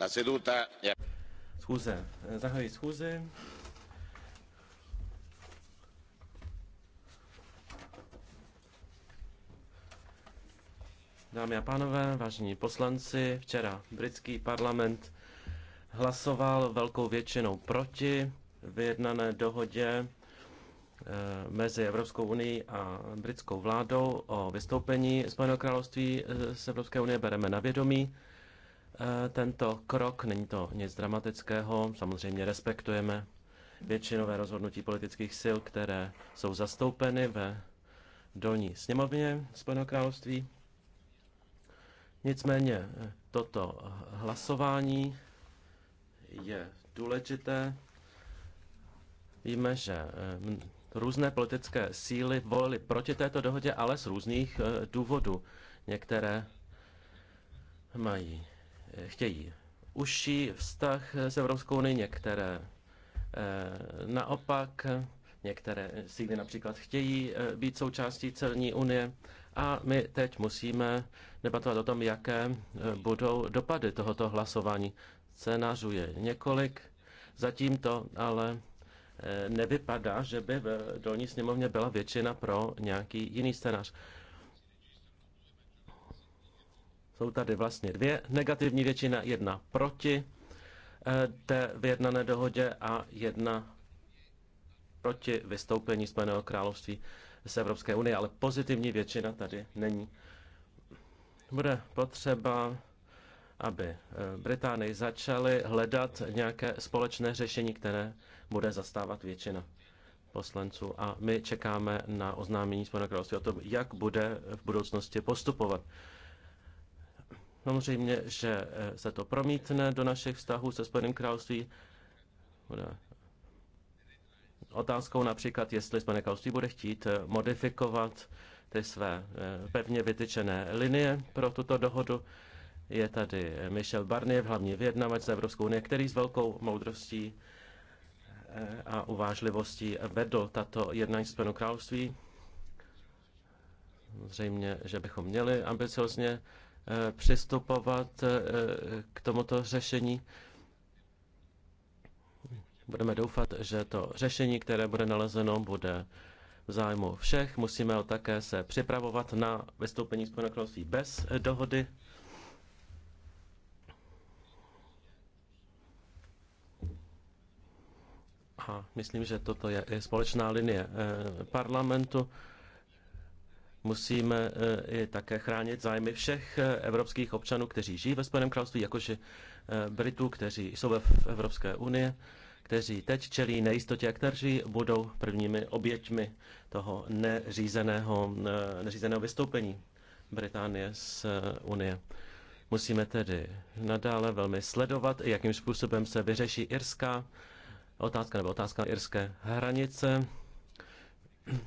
La seduta Dámy a pánové, vážení poslanci, včera britský parlament hlasoval velkou většinou proti vyjednané dohodě eh, mezi Evropskou unii a britskou vládou o vystoupení Spojeného království eh, z Evropské unie bereme na vědomí. Eh, tento krok. Není to nic dramatického, samozřejmě respektujeme většinové rozhodnutí politických sil, které jsou zastoupeny ve dolní sněmovně Spojeného království. Nicméně eh, toto hlasování je důležité. Víme, že eh, různé politické síly volily proti této dohodě, ale z různých důvodů. Některé mají chtějí užší vztah s Evropskou unii, některé eh, naopak, některé síly například chtějí eh, být součástí celní unie a my teď musíme debatovat o tom, jaké eh, budou dopady tohoto hlasování. Scénářů je několik, zatím to ale nevypadá, že by v dolní sněmovně byla většina pro nějaký jiný scénář. Jsou tady vlastně dvě negativní většina, jedna proti eh, té vyjednané dohodě a jedna proti vystoupení Spojeného království z Evropské unie, ale pozitivní většina tady není. Bude potřeba, aby eh, Británii začaly hledat nějaké společné řešení, které bude zastávat většina poslanců a my čekáme na oznámení Spojeného království o tom, jak bude v budoucnosti postupovat. Samozřejmě, že eh, se to promítne do našich vztahů se Spojeným království. Bude otázkou například, jestli Spojené království bude chtít eh, modifikovat ty své eh, pevně vytyčené linie pro tuto dohodu. Je tady Michel Barnier, hlavní vyjednavač z Evropskou unie, který s velkou moudrostí a uvážlivostí vedl tato jednání s Spojeným království. Zřejmě, že bychom měli ambiciozně Eh, přistupovat eh, eh, k tomuto řešení. Budeme doufat, že to řešení, které bude nalezeno, bude v zájmu všech. Musíme o také se připravovat na vystoupení z království bez dohody. A myslím, že toto je společná linie parlamentu musíme eh, i také chránit zájmy všech eh, evropských občanů, kteří žijí ve Spojeném království, jakože eh, Britů, kteří jsou ve Evropské unii, kteří teď čelí nejistotě a kteří budou prvními oběťmi toho neřízeného, neřízeného vystoupení Británie z Unie. Musíme tedy nadále velmi sledovat, jakým způsobem se vyřeší irská otázka nebo otázka irské hranice.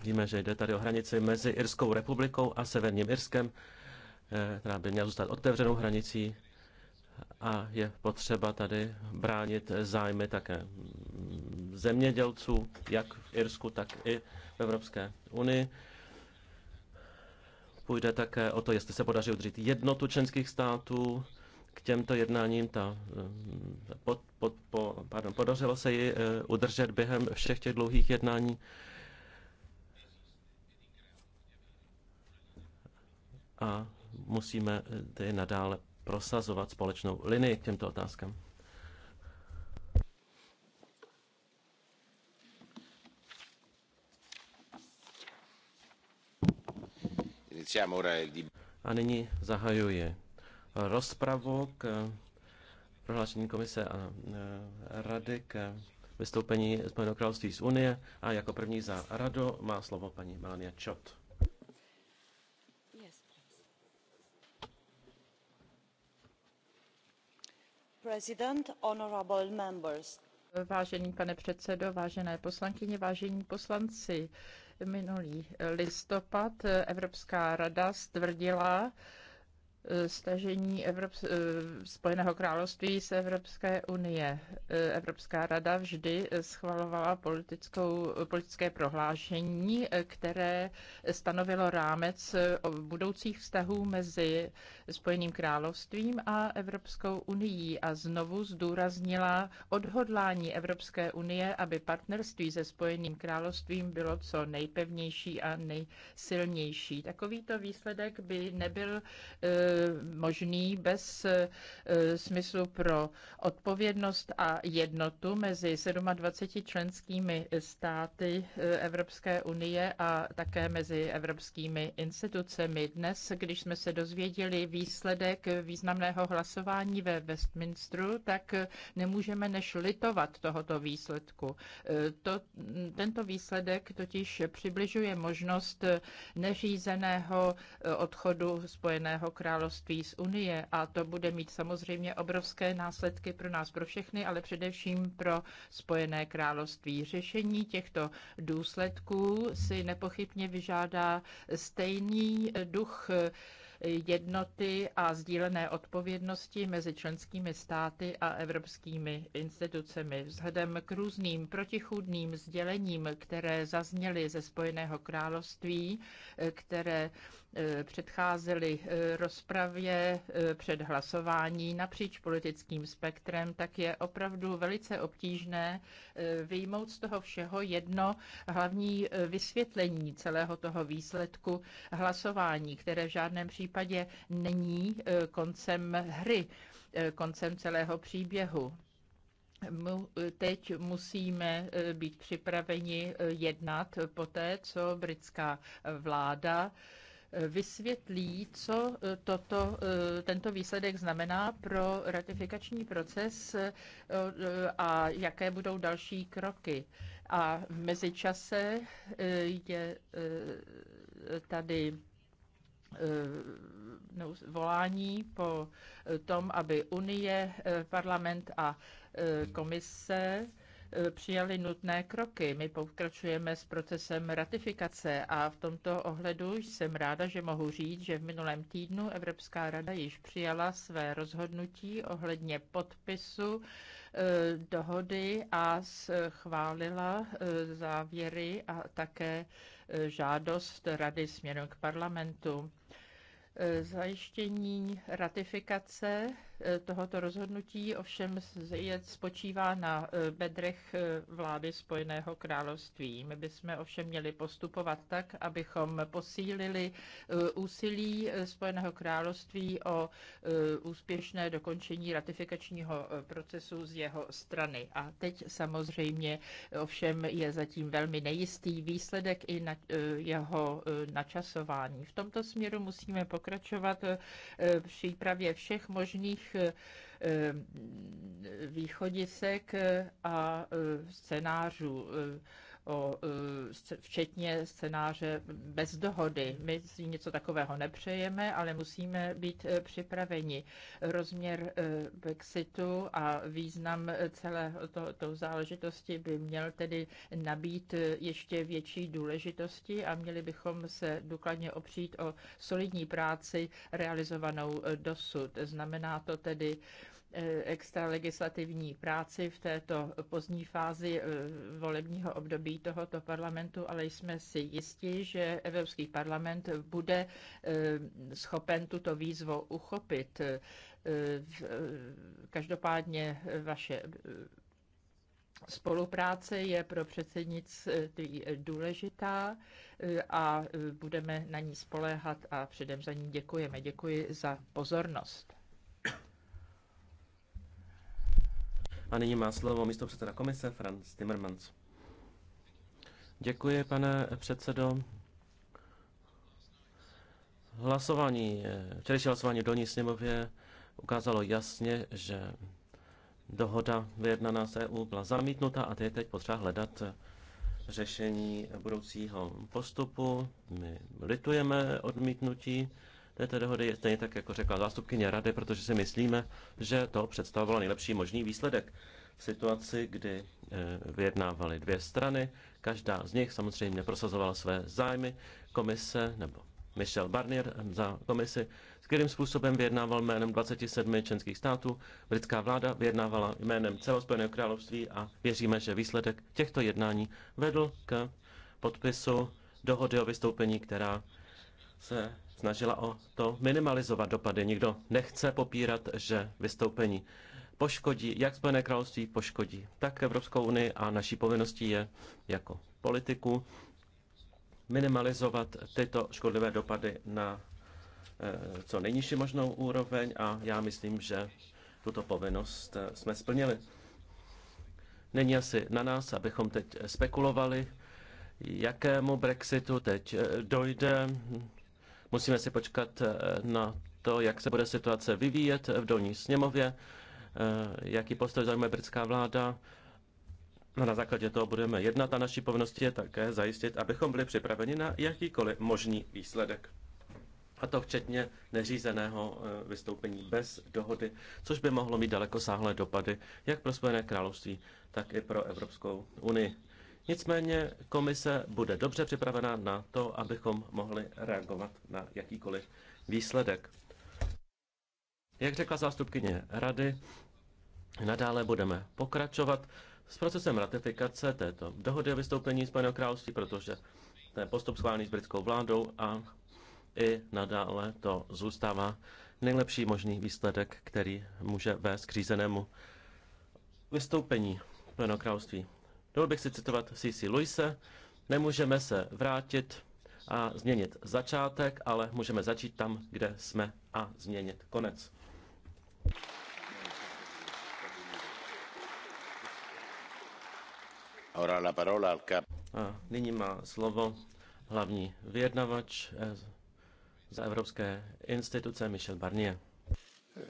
Víme, že jde tady o hranici mezi Irskou republikou a Severním Irskem, eh, která by měla zůstat otevřenou hranicí a je potřeba tady bránit zájmy také zemědělců, jak v Irsku, tak i v Evropské unii. Půjde také o to, jestli se podaří udržet jednotu členských států. K těmto jednáním ta, eh, pod, pod, po, pardon, podařilo se ji eh, udržet během všech těch dlouhých jednání. a musíme eh, tedy nadále prosazovat společnou linii k těmto otázkám. A nyní zahajuji rozpravu k prohlášení komise a eh, rady k vystoupení Spojeného království z Unie a jako první za rado má slovo paní Melania Čot. Vážený pane předsedo, vážené poslankyně, vážení poslanci, minulý listopad Evropská rada stvrdila, Eh, stažení Evrops- eh, Spojeného království z Evropské unie. Eh, Evropská rada vždy schvalovala politickou, politické prohlášení, které stanovilo rámec o budoucích vztahů mezi Spojeným královstvím a Evropskou unii a znovu zdůraznila odhodlání Evropské unie, aby partnerství se Spojeným královstvím bylo co nejpevnější a nejsilnější. Takovýto výsledek by nebyl možný bez eh, smyslu pro odpovědnost a jednotu mezi 27 členskými státy eh, Evropské unie a také mezi evropskými institucemi. Dnes, když jsme se dozvěděli výsledek významného hlasování ve Westminsteru, tak eh, nemůžeme než litovat tohoto výsledku. To, tento výsledek totiž přibližuje možnost neřízeného odchodu Spojeného království království z Unie a to bude mít samozřejmě obrovské následky pro nás, pro všechny, ale především pro Spojené království. Řešení těchto důsledků si nepochybně vyžádá stejný duch jednoty a sdílené odpovědnosti mezi členskými státy a evropskými institucemi. Vzhledem k různým protichůdným sdělením, které zazněly ze Spojeného království, které eh, předcházely eh, rozpravě eh, před hlasování napříč politickým spektrem, tak je opravdu velice obtížné vyjmout z toho všeho jedno hlavní vysvětlení celého toho výsledku hlasování, které v žádném případě případě není e, koncem hry, e, koncem celého příběhu. E, teď musíme být připraveni jednat po té, co britská vláda vysvětlí, co toto, tento výsledek znamená pro ratifikační proces a jaké budou další kroky. A v mezičase je tady Eh, no, volání po eh, tom, aby Unie, eh, parlament a komise přijali nutné kroky. My pokračujeme s procesem ratifikace a v tomto ohledu jsem ráda, že mohu říct, že v minulém týdnu Evropská rada již přijala své rozhodnutí ohledně podpisu dohody a schválila závěry a také žádost rady směrem k parlamentu zajištění ratifikace Eh, tohoto rozhodnutí ovšem je, spočívá na eh, bedrech eh, vlády Spojeného království. My bychom ovšem měli postupovat tak, abychom posílili úsilí Spojeného království o úspěšné dokončení ratifikačního procesu z jeho strany. A teď samozřejmě ovšem je zatím velmi nejistý výsledek i na, jeho načasování. V tomto směru musíme pokračovat v přípravě všech možných různých eh, eh, východisek a eh, scénářů o, e, včetně scénáře bez dohody. My si něco takového nepřejeme, ale musíme být e, připraveni. Rozměr e, Brexitu a význam celé to, to záležitosti by měl tedy nabít ještě větší důležitosti a měli bychom se důkladně opřít o solidní práci realizovanou dosud. Znamená to tedy Eh, extralegislativní práci v této pozdní fázi eh, volebního období tohoto parlamentu, ale jsme si jistí, že Evropský parlament bude eh, schopen tuto výzvu uchopit. Každopádně vaše Spolupráce je pro předsednictví důležitá a budeme na ní spoléhat a předem za ní děkujeme. Děkuji za pozornost. A nyní má slovo místo předseda komise Franz Timmermans. Děkuji, pane předsedo. Hlasování, včerejší hlasování v dolní sněmově ukázalo jasně, že dohoda vyjednaná s EU byla zamítnuta a je teď potřeba hledat řešení budoucího postupu. My litujeme odmítnutí této dohody, stejně tak jako řekla zástupkyně rady, protože si myslíme, že to představovalo nejlepší možný výsledek v situaci, kdy eh, vyjednávaly dvě strany. Každá z nich samozřejmě prosazovala své zájmy. Komise nebo Michel Barnier za komisi, s kterým způsobem vyjednával jménem 27 členských států. Britská vláda vyjednávala jménem celého Spojeného království a věříme, že výsledek těchto jednání vedl k podpisu dohody o vystoupení, která se snažila o to minimalizovat dopady. Nikdo nechce popírat, že vystoupení poškodí, jak Spojené království poškodí, tak Evropskou unii a naší povinností je jako politiku minimalizovat tyto škodlivé dopady na eh, co nejnižší možnou úroveň a já myslím, že tuto povinnost eh, jsme splnili. Není asi na nás, abychom teď spekulovali, jakému Brexitu teď eh, dojde. Musíme si počkat eh, na to, jak se bude situace vyvíjet v dolní sněmově, eh, jaký postoj zaujme britská vláda. No na základě toho budeme jednat a naší povinnosti, je také zajistit, abychom byli připraveni na jakýkoliv možný výsledek. A to včetně neřízeného eh, vystoupení bez dohody, což by mohlo mít daleko sáhlé dopady jak pro Spojené království, tak i pro Evropskou unii. Nicméně komise bude dobře připravena na to, abychom mohli reagovat na jakýkoliv výsledek. Jak řekla zástupkyně rady, nadále budeme pokračovat s procesem ratifikace této dohody o vystoupení Spojeného království, protože ten postup schválený s britskou vládou a i nadále to zůstává nejlepší možný výsledek, který může vést k řízenému vystoupení Spojeného království. Dovol bych si citovat C.C. Luise, nemůžeme se vrátit a změnit začátek, ale můžeme začít tam, kde jsme a změnit konec. A nyní má slovo hlavní vyjednavač eh, za evropské instituce Michel Barnier. Eh,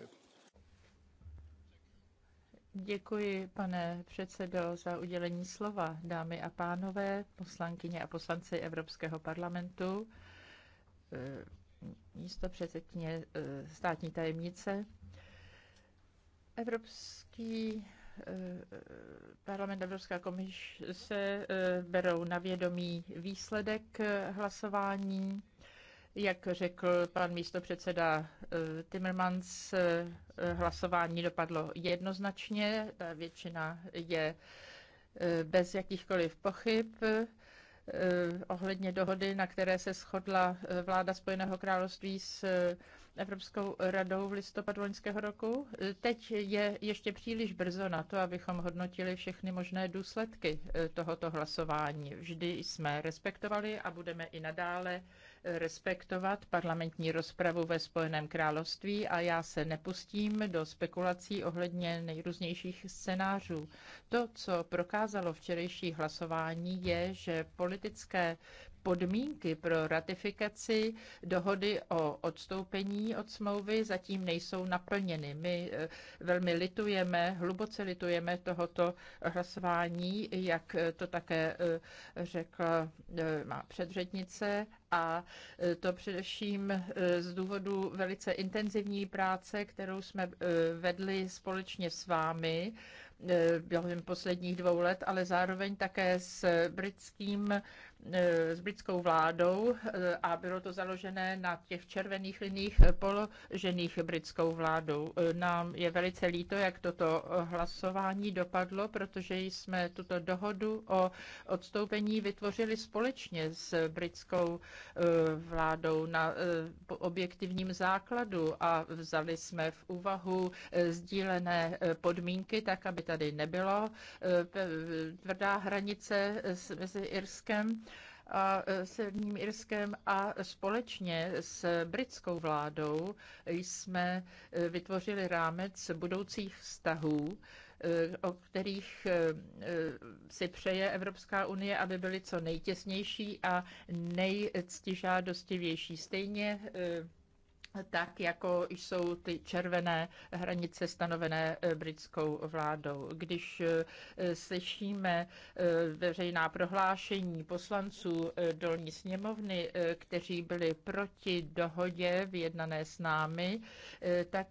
Děkuji, pane předsedo, za udělení slova. Dámy a pánové, poslankyně a poslanci Evropského parlamentu, eh, místo předsedkyně eh, státní tajemnice, Evropský eh, parlament Evropská komise berou na vědomí výsledek hlasování jak řekl pan místopředseda eh, Timmermans, eh, hlasování dopadlo jednoznačně, ta většina je eh, bez jakýchkoliv pochyb ohledně dohody, na které se shodla vláda Spojeného království s Evropskou radou v listopadu loňského roku. Teď je ještě příliš brzo na to, abychom hodnotili všechny možné důsledky eh, tohoto hlasování. Vždy jsme respektovali a budeme i nadále respektovat parlamentní rozpravu ve Spojeném království a já se nepustím do spekulací ohledně nejrůznějších scénářů. To, co prokázalo včerejší hlasování, je, že politické podmínky pro ratifikaci dohody o odstoupení od smlouvy zatím nejsou naplněny. My eh, velmi litujeme, hluboce litujeme tohoto hlasování, jak eh, to také eh, řekla má předřednice, a to především z důvodu velice intenzivní práce, kterou jsme vedli společně s vámi během posledních dvou let, ale zároveň také s britským E, s britskou vládou e, a bylo to založené na těch červených liních položených britskou vládou. E, nám je velice líto, jak toto hlasování dopadlo, protože jsme tuto dohodu o odstoupení vytvořili společně s britskou vládou na objektivním základu a vzali jsme v úvahu sdílené podmínky, tak aby tady nebylo tvrdá hranice mezi Irskem a e, Severním Irskem a společně s britskou vládou jsme e, vytvořili rámec budoucích vztahů, e, o kterých si přeje Evropská unie, aby byly co nejtěsnější a nejctižádostivější. Stejně tak jako jsou ty červené hranice stanovené eh, britskou vládou. Když eh, slyšíme eh, veřejná prohlášení poslanců dolní sněmovny, kteří byli proti dohodě vyjednané s námi, tak,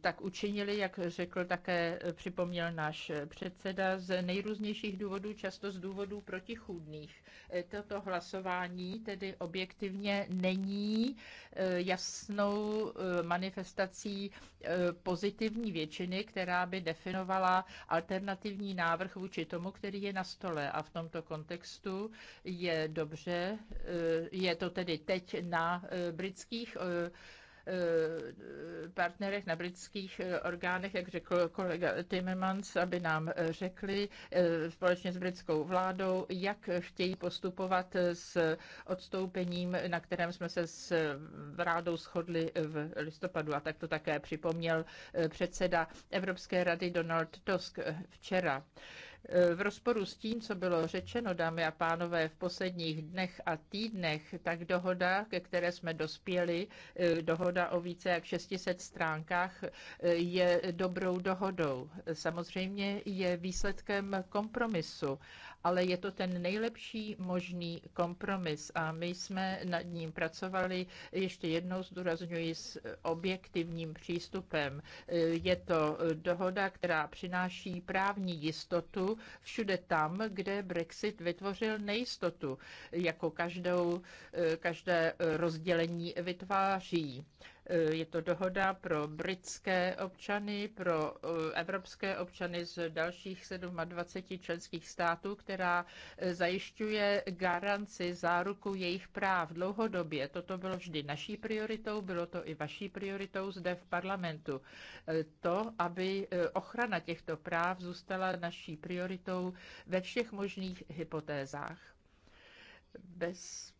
tak učinili, jak řekl také, připomněl náš předseda, z nejrůznějších důvodů, často z důvodů protichůdných. Toto hlasování tedy objektivně není jasné jasnou eh, manifestací eh, pozitivní většiny, která by definovala alternativní návrh vůči tomu, který je na stole. A v tomto kontextu je dobře, eh, je to tedy teď na britských Eh, partnerech, na britských eh, orgánech, jak řekl kolega Timmermans, aby nám eh, řekli společně s britskou vládou, jak chtějí postupovat s odstoupením, na kterém jsme se s vládou shodli v listopadu. A tak to také připomněl předseda Evropské rady Donald Tusk včera. Eh, v rozporu s tím, co bylo řečeno, dámy a pánové, v posledních dnech a týdnech, tak dohoda, ke které jsme dospěli, eh, dohoda o více jak 600 stránkách, eh, je dobrou dohodou. Samozřejmě je výsledkem kompromisu ale je to ten nejlepší možný kompromis a my jsme nad ním pracovali, ještě jednou zdůrazňuji, s objektivním přístupem. Je to dohoda, která přináší právní jistotu všude tam, kde Brexit vytvořil nejistotu, jako každou, eh, každé rozdělení vytváří. Je to dohoda pro britské občany, pro eh, evropské občany z dalších 27 členských států, která eh, zajišťuje garanci záruku jejich práv dlouhodobě. Toto bylo vždy naší prioritou, bylo to i vaší prioritou zde v parlamentu. Eh, to, aby ochrana těchto práv zůstala naší prioritou ve všech možných hypotézách. Bez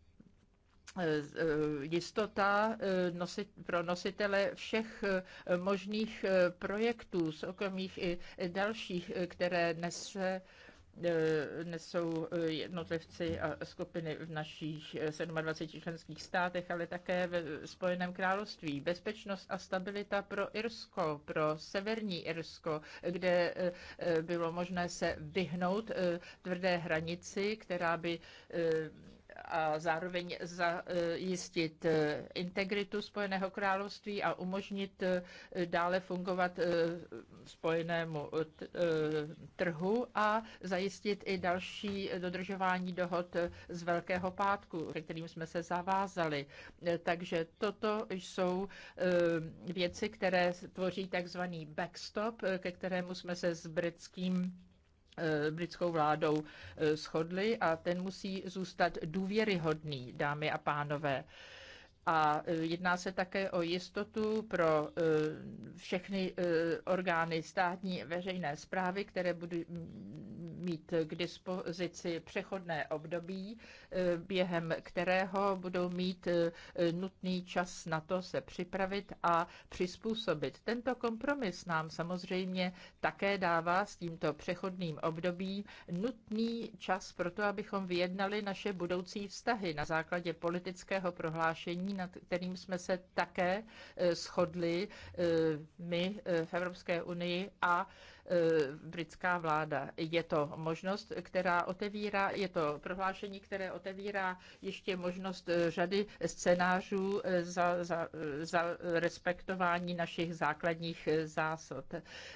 jistota eh, nosit, pro nositele všech eh, možných eh, projektů, soukromých i dalších, které nese nesou jednotlivci a skupiny v našich 27 členských státech, ale také ve Spojeném království. Bezpečnost a stabilita pro Irsko, pro severní Irsko, kde bylo možné se vyhnout tvrdé hranici, která by a zároveň zajistit eh, integritu Spojeného království a umožnit eh, dále fungovat eh, spojenému trhu a zajistit i další dodržování dohod z Velkého pátku, ke kterým jsme se zavázali. Takže toto jsou věci, které tvoří takzvaný backstop, ke kterému jsme se s britským Eh, britskou vládou eh, shodli a ten musí zůstat důvěryhodný, dámy a pánové a e, jedná se také o jistotu pro e, všechny e, orgány státní veřejné zprávy, které budou mít k dispozici přechodné období, během kterého budou mít nutný čas na to se připravit a přizpůsobit. Tento kompromis nám samozřejmě také dává s tímto přechodným obdobím nutný čas pro to, abychom vyjednali naše budoucí vztahy na základě politického prohlášení nad kterým jsme se také eh, shodli eh, my eh, v Evropské unii a Eh, britská vláda. Je to možnost, která otevírá, je to prohlášení, které otevírá ještě možnost eh, řady scénářů eh, za, za, za respektování našich základních zásad.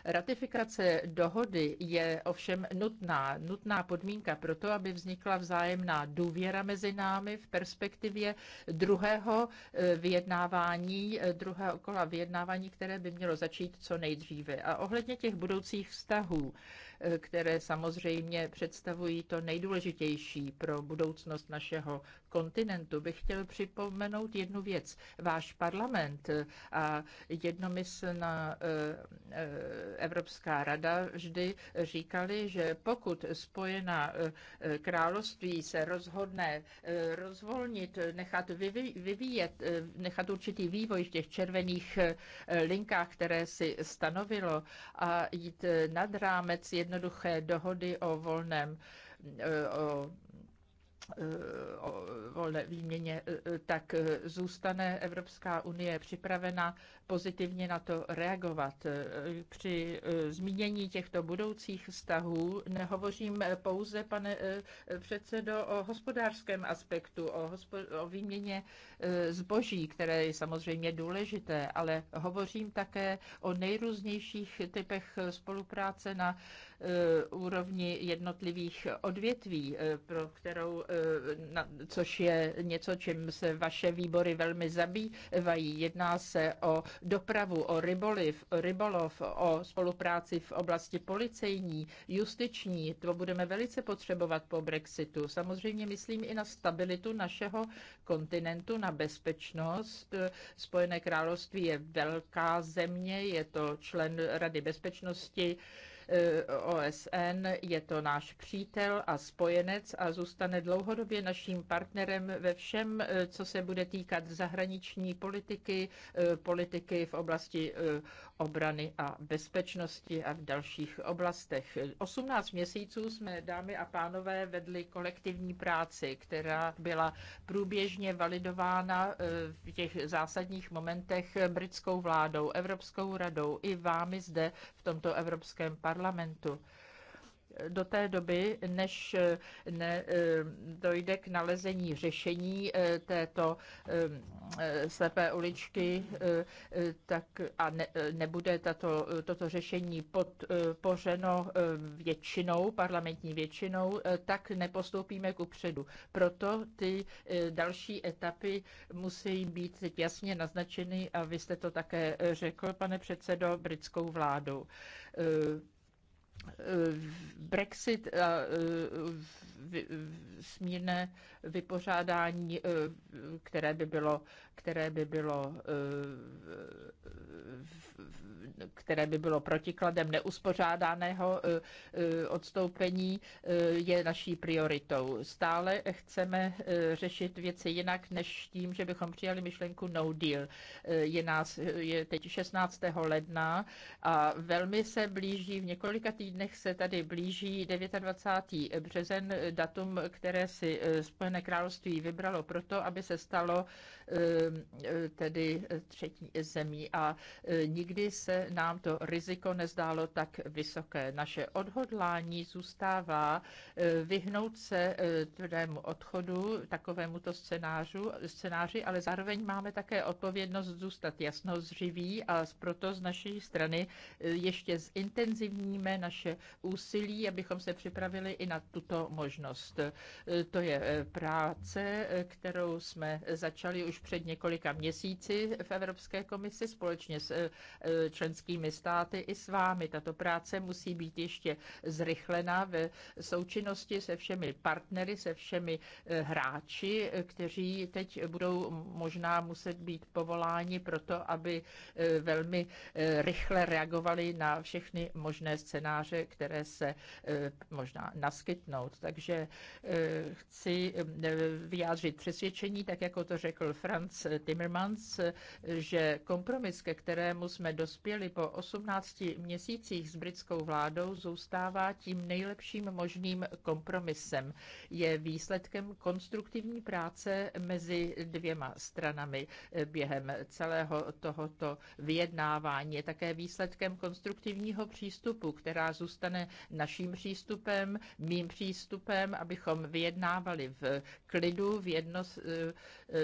Ratifikace dohody je ovšem nutná, nutná podmínka pro to, aby vznikla vzájemná důvěra mezi námi v perspektivě druhého vyjednávání, druhého kola vyjednávání, které by mělo začít co nejdříve. A ohledně těch budoucích vnějších vztahů, eh, které samozřejmě představují to nejdůležitější pro budoucnost našeho kontinentu bych chtěl připomenout jednu věc. Váš parlament a jednomyslná eh, eh, Evropská rada vždy říkali, že pokud spojená eh, království se rozhodne rozvolnit, nechat vyvíjet, nechat určitý vývoj v těch červených linkách, které si stanovilo a jít nad rámec jednoduché dohody o volném o dobrovolné výměně, e, e, tak e, zůstane Evropská unie připravena pozitivně na to reagovat. Při zmínění těchto budoucích vztahů nehovořím pouze, pane předsedo, o hospodářském aspektu, o, hospo- o výměně zboží, které je samozřejmě důležité, ale hovořím také o nejrůznějších typech spolupráce na úrovni jednotlivých odvětví, pro kterou, což je něco, čím se vaše výbory velmi zabývají. Jedná se o dopravu, o ryboliv, rybolov, o spolupráci v oblasti policejní, justiční. To budeme velice potřebovat po Brexitu. Samozřejmě myslím i na stabilitu našeho kontinentu, na bezpečnost. Spojené království je velká země, je to člen Rady bezpečnosti OSN, je to náš přítel a spojenec a zůstane dlouhodobě naším partnerem ve všem, eh, co se bude týkat zahraniční politiky, eh, politiky v oblasti eh, obrany a bezpečnosti a v dalších oblastech. 18 měsíců jsme, dámy a pánové, vedli kolektivní práci, která byla průběžně validována eh, v těch zásadních momentech britskou vládou, Evropskou radou i vámi zde v tomto Evropském parlamentu do té doby, než eh, ne, eh, dojde k nalezení řešení eh, této slepé uličky tak a ne, nebude tato, toto řešení podpořeno většinou, parlamentní většinou, tak nepostoupíme k upředu. Proto ty další etapy musí být jasně naznačeny a vy jste to také řekl, pane předsedo, britskou vládou. Eh, Brexit a eh, smírné vypořádání, eh, které by bylo, které by bylo, eh, které by bylo protikladem neuspořádaného eh, odstoupení, je naší prioritou. Stále chceme řešit věci jinak, než tím, že bychom přijali myšlenku no deal. Je nás je teď 16. ledna a velmi se blíží, v několika týdnech se tady blíží 29. březen, datum, které si Spojené Spojené království vybralo proto, aby se stalo Eh, tedy eh, třetí zemí a eh, nikdy se nám to riziko nezdálo tak vysoké. Naše odhodlání zůstává vyhnout se tvrdému odchodu, to scénářu, scénáři, ale zároveň máme také odpovědnost zůstat jasnozřiví a proto z naší strany ještě zintenzivníme naše úsilí, abychom se připravili i na tuto možnost. To je práce, kterou jsme začali už před několika měsíci v Evropské komisi společně s eh, členskými státy i s vámi. Tato práce musí být ještě zrychlena ve součinnosti se všemi partnery, se všemi eh, hráči, eh, kteří teď budou možná muset být povoláni proto, aby velmi rychle reagovali na všechny možné scénáře, které se možná naskytnou. Takže chci vyjádřit přesvědčení, tak jako to řekl Fred, Franz Timmermans, že kompromis, ke kterému jsme dospěli po 18 měsících s britskou vládou, zůstává tím nejlepším možným kompromisem. Je výsledkem konstruktivní práce mezi dvěma stranami během celého tohoto vyjednávání. Je také výsledkem konstruktivního přístupu, která zůstane naším přístupem, mým přístupem, abychom vyjednávali v klidu, v, jedno,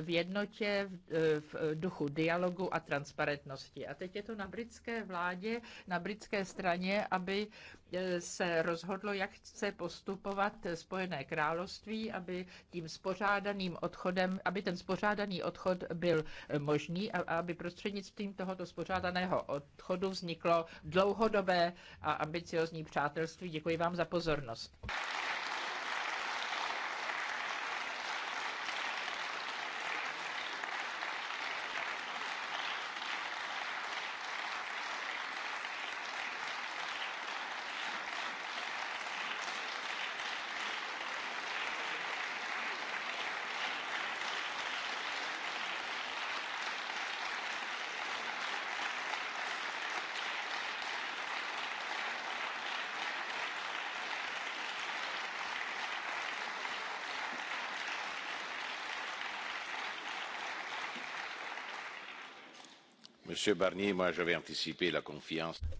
v jednotě debatě, v, eh, v eh, duchu dialogu a transparentnosti. A teď je to na britské vládě, na britské straně, aby eh, se rozhodlo, jak chce postupovat Spojené království, aby tím spořádaným odchodem, aby ten spořádaný odchod byl možný a aby prostřednictvím tohoto spořádaného odchodu vzniklo dlouhodobé a ambiciozní přátelství. Děkuji vám za pozornost.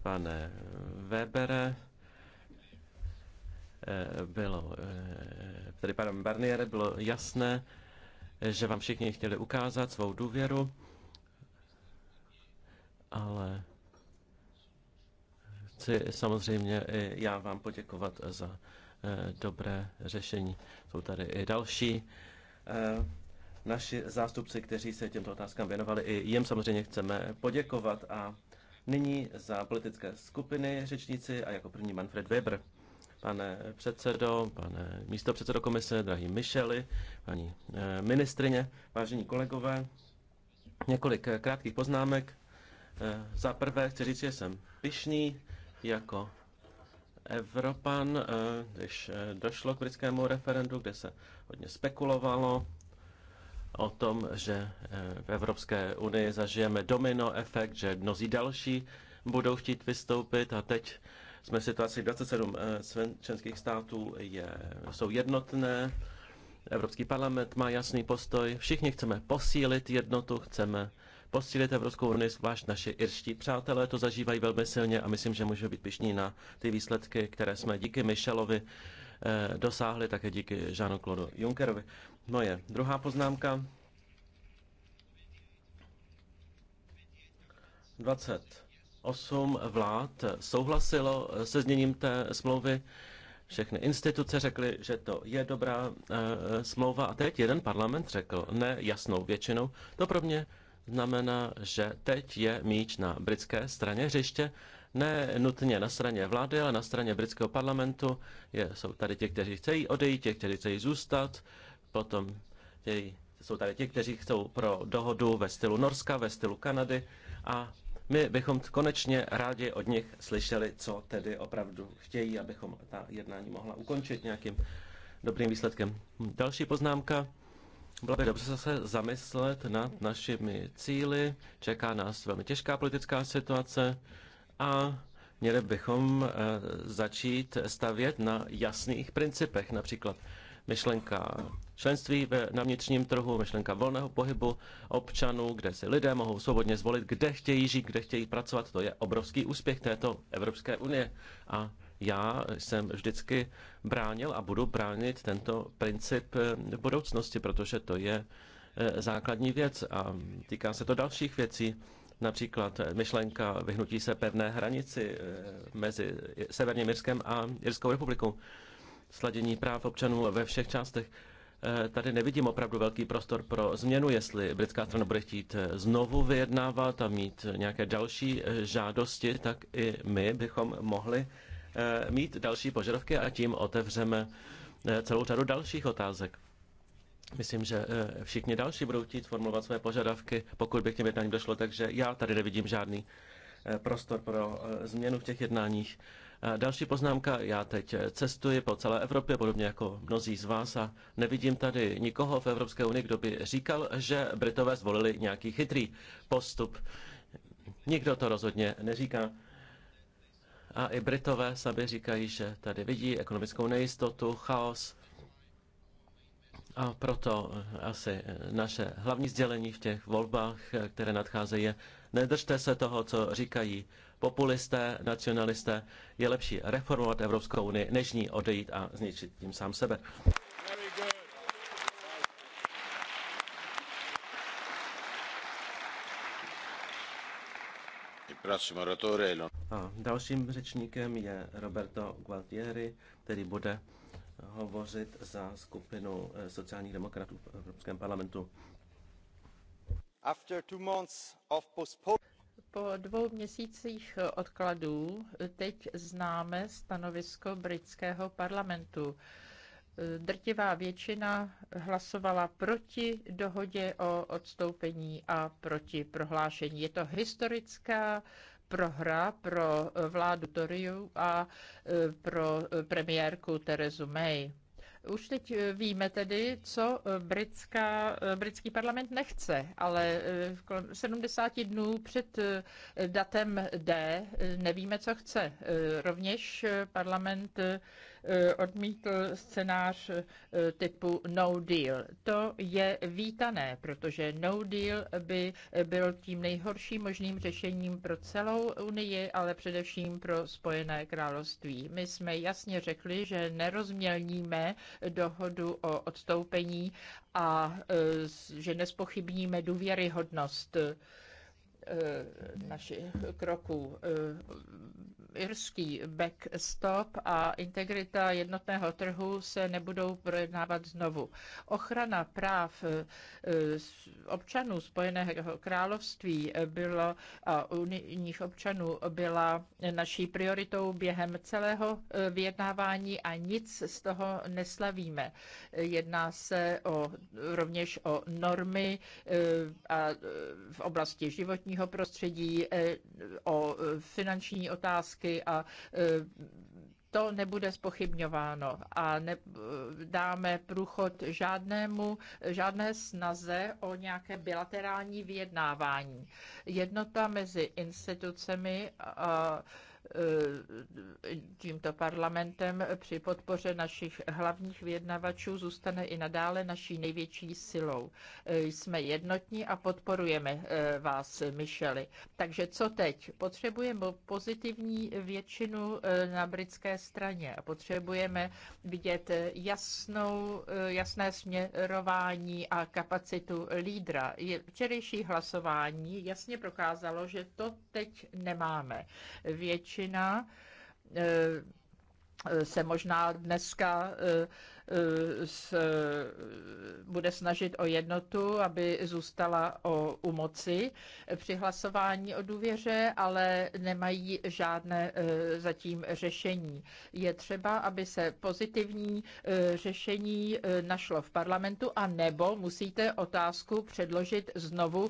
Pane eh, Webere, eh, bylo, eh, tedy pane Barniere bylo jasné, že vám všichni chtěli ukázat svou důvěru, ale chci samozřejmě i já vám poděkovat za dobré řešení. Jsou tady i další naši zástupci, kteří se těmto otázkám věnovali. I jim samozřejmě chceme poděkovat a nyní za politické skupiny řečníci a jako první Manfred Weber. Pane předsedo, pane místo předsedo komise, drahý Micheli, paní eh, ministrině, vážení kolegové, několik krátkých poznámek. Eh, za prvé chci říct, že jsem pišný jako Evropan, eh, když došlo k britskému referendu, kde se hodně spekulovalo o tom, že eh, v Evropské unii zažijeme domino efekt, že mnozí další budou chtít vystoupit a teď jsme v situaci 27 eh, členských států je, jsou jednotné, Evropský parlament má jasný postoj, všichni chceme posílit jednotu, chceme posílit Evropskou unii, zvlášť naši irští přátelé to zažívají velmi silně a myslím, že můžeme být pišní na ty výsledky, které jsme díky Michelovi Eh, dosáhli také díky Žánu Klodu Junckerovi. Moje no druhá poznámka. 28 vlád souhlasilo se zněním té smlouvy. Všechny instituce řekly, že to je dobrá e, smlouva a teď jeden parlament řekl ne jasnou většinou. To pro mě znamená, že teď je míč na britské straně hřiště ne nutně na straně vlády, ale na straně britského parlamentu. Je, jsou tady ti, kteří chtějí odejít, ti, kteří chtějí zůstat, potom chtějí, jsou tady ti, kteří chtějí pro dohodu ve stylu Norska, ve stylu Kanady a my bychom konečně rádi od nich slyšeli, co tedy opravdu chtějí, abychom ta jednání mohla ukončit nějakým dobrým výsledkem. Další poznámka. Bylo by dobře se zamyslet nad našimi cíly. Čeká nás velmi těžká politická situace a měli bychom eh, začít stavět na jasných principech, například myšlenka členství na vnitřním trhu, myšlenka volného pohybu občanů, kde si lidé mohou svobodně zvolit, kde chtějí žít, kde chtějí pracovat. To je obrovský úspěch této Evropské unie. A já jsem vždycky bránil a budu bránit tento princip eh, v budoucnosti, protože to je eh, základní věc a týká se to dalších věcí. Například myšlenka vyhnutí se pevné hranici eh, mezi Severním Irskem a Irskou republikou. Sladění práv občanů ve všech částech. Eh, tady nevidím opravdu velký prostor pro změnu, jestli britská strana bude chtít eh, znovu vyjednávat a mít nějaké další žádosti, tak i my bychom mohli mít další požadavky a tím otevřeme celou řadu dalších otázek. Myslím, že eh, všichni další budou chtít formulovat své požadavky, pokud by k těm jednáním došlo, takže já tady nevidím žádný eh, prostor pro eh, změnu v těch jednáních. Další poznámka, já teď cestuji po celé Evropě, podobně jako mnozí z vás, a nevidím tady nikoho v Evropské unii, kdo by říkal, že Britové zvolili nějaký chytrý postup. Nikdo to rozhodně neříká. A i Britové sami říkají, že tady vidí ekonomickou nejistotu, chaos, a proto eh, asi eh, naše hlavní sdělení v těch volbách, eh, které nadcházejí, je nedržte se toho, co říkají populisté, nacionalisté. Je lepší reformovat Evropskou unii, než ní odejít a zničit tím sám sebe. A dalším řečníkem je Roberto Gualtieri, který bude hovořit za skupinu eh, sociálních demokratů v Evropském parlamentu. Po dvou měsících odkladů teď známe stanovisko britského parlamentu. Drtivá většina hlasovala proti dohodě o odstoupení a proti prohlášení. Je to historická prohra pro eh, vládu Toriu a eh, pro eh, premiérku Terezu May. Už teď víme tedy, co britská, britský parlament nechce, ale 70 dnů před datem D nevíme, co chce. Rovněž parlament Eh, odmítl scénář eh, typu no deal. To je vítané, protože no deal by byl tím nejhorším možným řešením pro celou Unii, ale především pro Spojené království. My jsme jasně řekli, že nerozmělníme dohodu o odstoupení a eh, že nespochybníme důvěryhodnost Eh, našich kroků. Eh, irský backstop a integrita jednotného trhu se nebudou projednávat znovu. Ochrana práv eh, občanů Spojeného království bylo, a unijních občanů byla naší prioritou během celého vyjednávání a nic z toho neslavíme. Jedná se o, rovněž o normy a v oblasti životního životního prostředí, eh, o eh, finanční otázky a eh, to nebude spochybňováno a ne, dáme průchod žádnému, žádné snaze o nějaké bilaterální vyjednávání. Jednota mezi institucemi a, E, tímto parlamentem při podpoře našich hlavních vyjednavačů zůstane i nadále naší největší silou. E, jsme jednotní a podporujeme e, vás, Michely. Takže co teď? Potřebujeme pozitivní většinu na britské straně a potřebujeme vidět jasnou, jasné směrování a kapacitu lídra. Včerejší hlasování jasně prokázalo, že to teď nemáme. Většinu většina eh, eh, se možná dneska eh, Eh, s, eh, bude snažit o jednotu, aby zůstala o, u moci při hlasování o důvěře, ale nemají žádné eh, zatím řešení. Je třeba, aby se pozitivní řešení našlo v parlamentu a nebo musíte otázku předložit znovu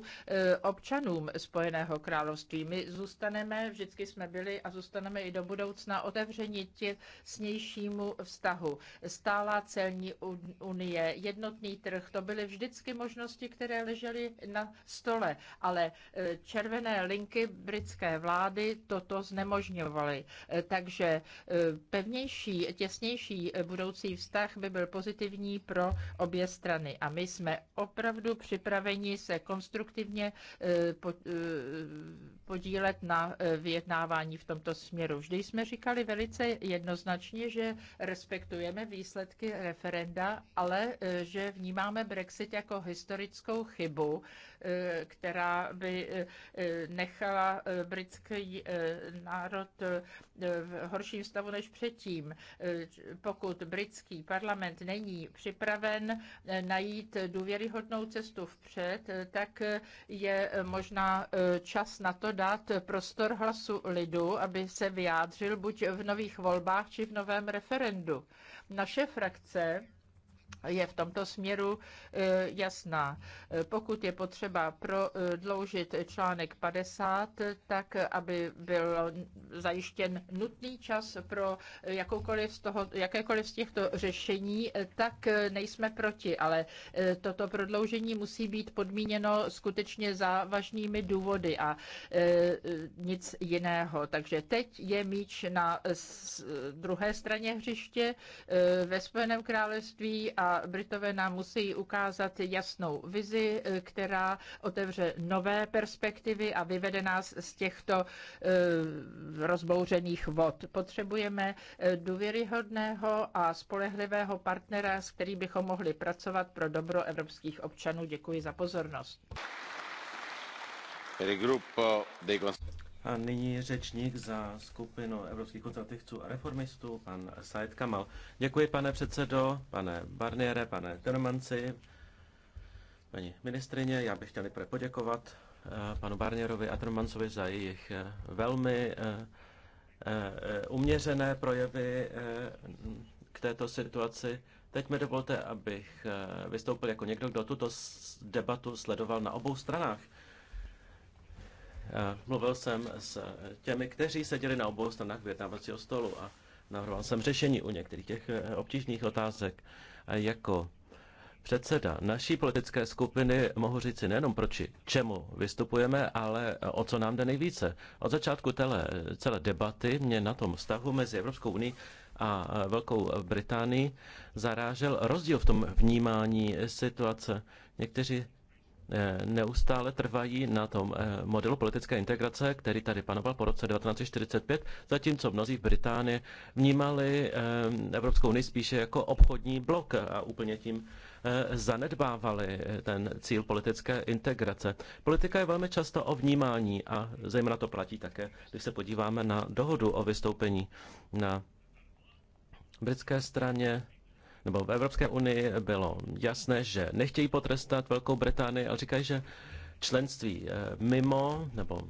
občanům Spojeného království. My zůstaneme, vždycky jsme byli a zůstaneme i do budoucna otevření těsnějšímu vztahu. Stála celní unie, jednotný trh, to byly vždycky možnosti, které ležely na stole, ale e, červené linky britské vlády toto znemožňovaly. E, takže e, pevnější, těsnější budoucí vztah by byl pozitivní pro obě strany. A my jsme opravdu připraveni se konstruktivně podílet na vyjednávání v tomto směru. Vždy jsme říkali velice jednoznačně, že respektujeme výsledky referenda, ale eh, že vnímáme Brexit jako historickou chybu, eh, která by eh, nechala britský národ v horším stavu než předtím. Pokud britský parlament není připraven najít důvěryhodnou cestu vpřed, tak je možná čas na to dát prostor hlasu lidu, aby se vyjádřil buď v nových volbách, či v novém referendu. Naše frakce je v tomto směru e, jasná. E, pokud je potřeba prodloužit článek 50, tak aby byl zajištěn nutný čas pro jakoukoliv z toho, jakékoliv z těchto řešení, e, tak nejsme proti, ale toto prodloužení musí být podmíněno skutečně závažnými důvody a nic jiného. Takže teď je míč na druhé straně hřiště ve Spojeném království a Britové nám musí ukázat jasnou vizi, eh, která otevře nové perspektivy a vyvede nás z těchto eh, rozbouřených vod. Potřebujeme eh, důvěryhodného a spolehlivého partnera, s kterým bychom mohli pracovat pro dobro evropských občanů. Děkuji za pozornost. A nyní řečník za skupinu evropských konzervativců a reformistů, pan Said Kamal. Děkuji, pane předsedo, pane Barniere, pane Termanci, paní ministrině. Já bych chtěl nejprve poděkovat eh, panu Barnierovi a Termancovi za jejich eh, velmi eh, uměřené projevy k této situaci. Teď mi dovolte, abych vystoupil jako někdo, kdo tuto debatu sledoval na obou stranách Eh, mluvil jsem s eh, těmi, kteří seděli na obou stranách vyjednávacího stolu a navrhoval jsem řešení u některých těch eh, obtížných otázek. A jako předseda naší politické skupiny mohu říci nejenom proči čemu vystupujeme, ale o co nám jde nejvíce. Od začátku tele, celé debaty mě na tom vztahu mezi Evropskou unii a Velkou Británii zarážel rozdíl v tom vnímání situace. Někteří Eh, neustále trvají na tom eh, modelu politické integrace, který tady panoval po roce 1945, zatímco mnozí v Británii vnímali eh, Evropskou unii spíše jako obchodní blok a úplně tím zanedbávali ten cíl politické integrace. Politika je velmi často o vnímání a zejména to platí také, když se podíváme na dohodu o vystoupení na britské straně nebo v Evropské unii bylo jasné, že nechtějí potrestat Velkou Británii, ale říkají, že členství eh, mimo nebo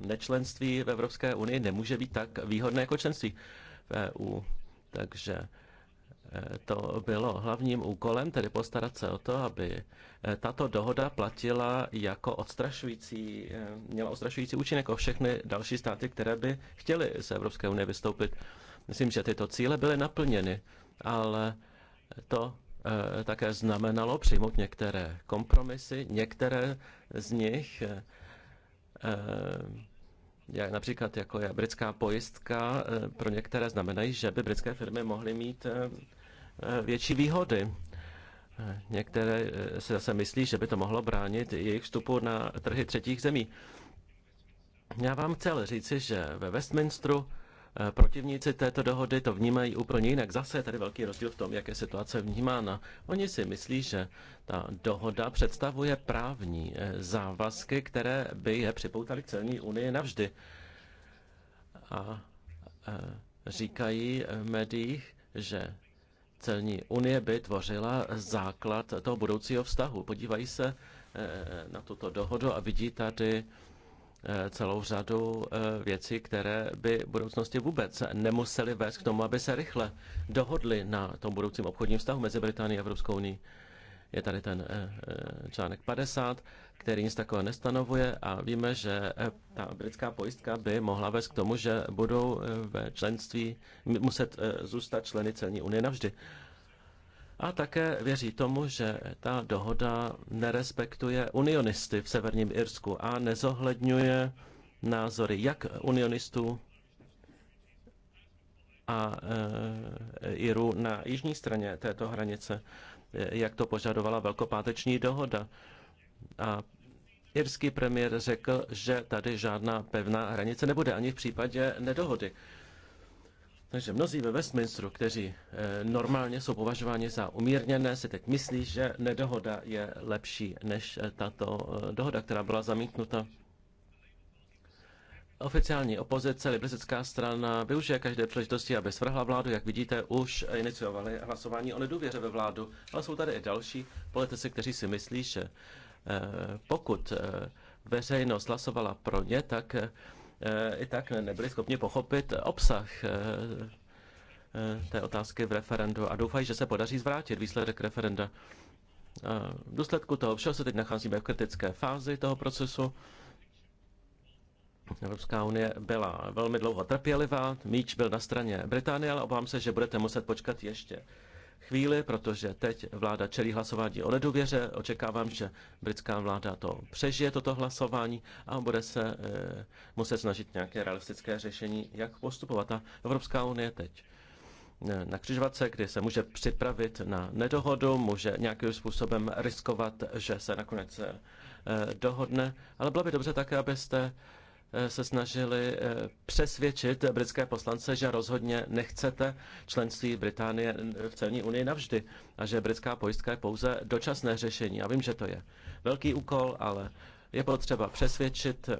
nečlenství v Evropské unii nemůže být tak výhodné jako členství v EU. Takže eh, to bylo hlavním úkolem, tedy postarat se o to, aby eh, tato dohoda platila jako odstrašující, měla odstrašující účinek o všechny další státy, které by chtěly z Evropské unie vystoupit. Myslím, že tyto cíle byly naplněny, ale to eh, také znamenalo přijmout některé kompromisy, některé z nich, eh, eh, jak například jako je britská pojistka, pro některé znamenají, že by britské firmy mohly mít větší výhody. Některé se zase myslí, že by to mohlo bránit jejich vstupu na trhy třetích zemí. Já vám chtěl říci, že ve Westminsteru Eh, protivníci této dohody to vnímají úplně jinak. Zase je tady velký rozdíl v tom, jak je situace vnímána. Oni si myslí, že ta dohoda představuje právní eh, závazky, které by je připoutaly k celní unii navždy. A eh, říkají v médiích, že celní unie by tvořila základ toho budoucího vztahu. Podívají se na tuto dohodu a vidí tady Eh, celou řadu eh, věcí, které by v budoucnosti vůbec nemuseli vést k tomu, aby se rychle dohodli na tom budoucím obchodním vztahu mezi Británií a Evropskou unii. Je tady ten eh, článek 50, který nic takového nestanovuje a víme, že ta britská pojistka by mohla vést k tomu, že budou ve členství muset zůstat členy celní unie navždy. A také věří tomu, že ta dohoda nerespektuje unionisty v Severním Irsku a nezohledňuje názory jak unionistů a e, eh, Iru na jižní straně této hranice, jak to požadovala velkopáteční dohoda. A irský premiér řekl, že tady žádná pevná hranice nebude ani v případě nedohody. Takže mnozí ve Westminsteru, kteří eh, normálně jsou považováni za umírněné, si teď myslí, že nedohoda je lepší než eh, tato eh, dohoda, která byla zamítnuta. Oficiální opozice, liberistická strana, využije každé příležitosti, aby svrhla vládu. Jak vidíte, už iniciovali hlasování o nedůvěře ve vládu. Ale jsou tady i další politici, kteří si myslí, že pokud veřejnost hlasovala pro ně, tak Eh, i tak nebyli schopni pochopit eh, obsah eh, té otázky v referendu a doufají, že se podaří zvrátit výsledek referenda. V důsledku toho všeho se teď nacházíme v kritické fázi toho procesu. Evropská unie byla velmi dlouho trpělivá, míč byl na straně Británie, ale obávám se, že budete muset počkat ještě chvíli, protože teď vláda čelí hlasování o nedůvěře. Očekávám, že britská vláda to přežije, toto hlasování, a bude se e, muset snažit nějaké realistické řešení, jak postupovat. A Evropská unie teď eh, na křižovatce, kdy se může připravit na nedohodu, může nějakým způsobem riskovat, že se nakonec eh, dohodne, ale bylo by dobře také, abyste Eh, se snažili eh, přesvědčit britské poslance, že rozhodně nechcete členství Británie v celní unii navždy a že britská pojistka je pouze dočasné řešení. Já vím, že to je velký úkol, ale je potřeba přesvědčit eh,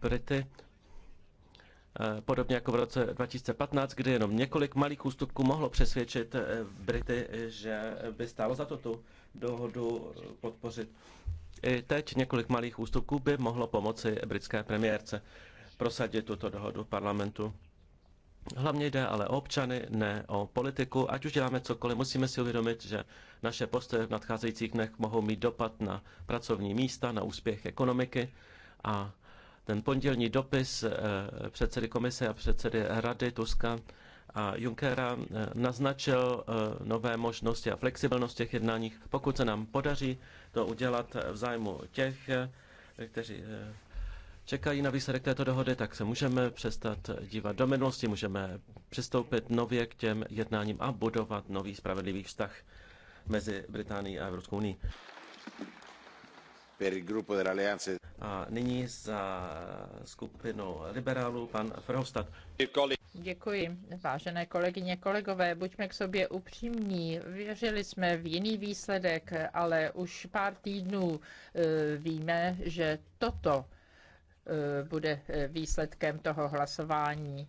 Brity, podobně jako v roce 2015, kdy jenom několik malých ústupků mohlo přesvědčit Brity, že by stálo za to tu dohodu podpořit. I teď několik malých ústupků by mohlo pomoci britské premiérce prosadit tuto dohodu parlamentu. Hlavně jde ale o občany, ne o politiku. Ať už děláme cokoliv, musíme si uvědomit, že naše postoje v nadcházejících dnech mohou mít dopad na pracovní místa, na úspěch ekonomiky a ten pondělní dopis eh, předsedy komise a předsedy rady Tuska a Junckera e, naznačil e, nové možnosti a flexibilnost těch jednáních. Pokud se nám podaří to udělat e, v zájmu těch, kteří čekají na výsledek této dohody, tak se můžeme přestat dívat do minulosti, můžeme přistoupit nově k těm jednáním a budovat nový spravedlivý vztah mezi Británií a Evropskou unii. A nyní za skupinu liberálů pan Verhofstadt. Děkuji, vážené kolegyně, kolegové. Buďme k sobě upřímní. Věřili jsme v jiný výsledek, ale už pár týdnů e, víme, že toto e, bude e, výsledkem toho hlasování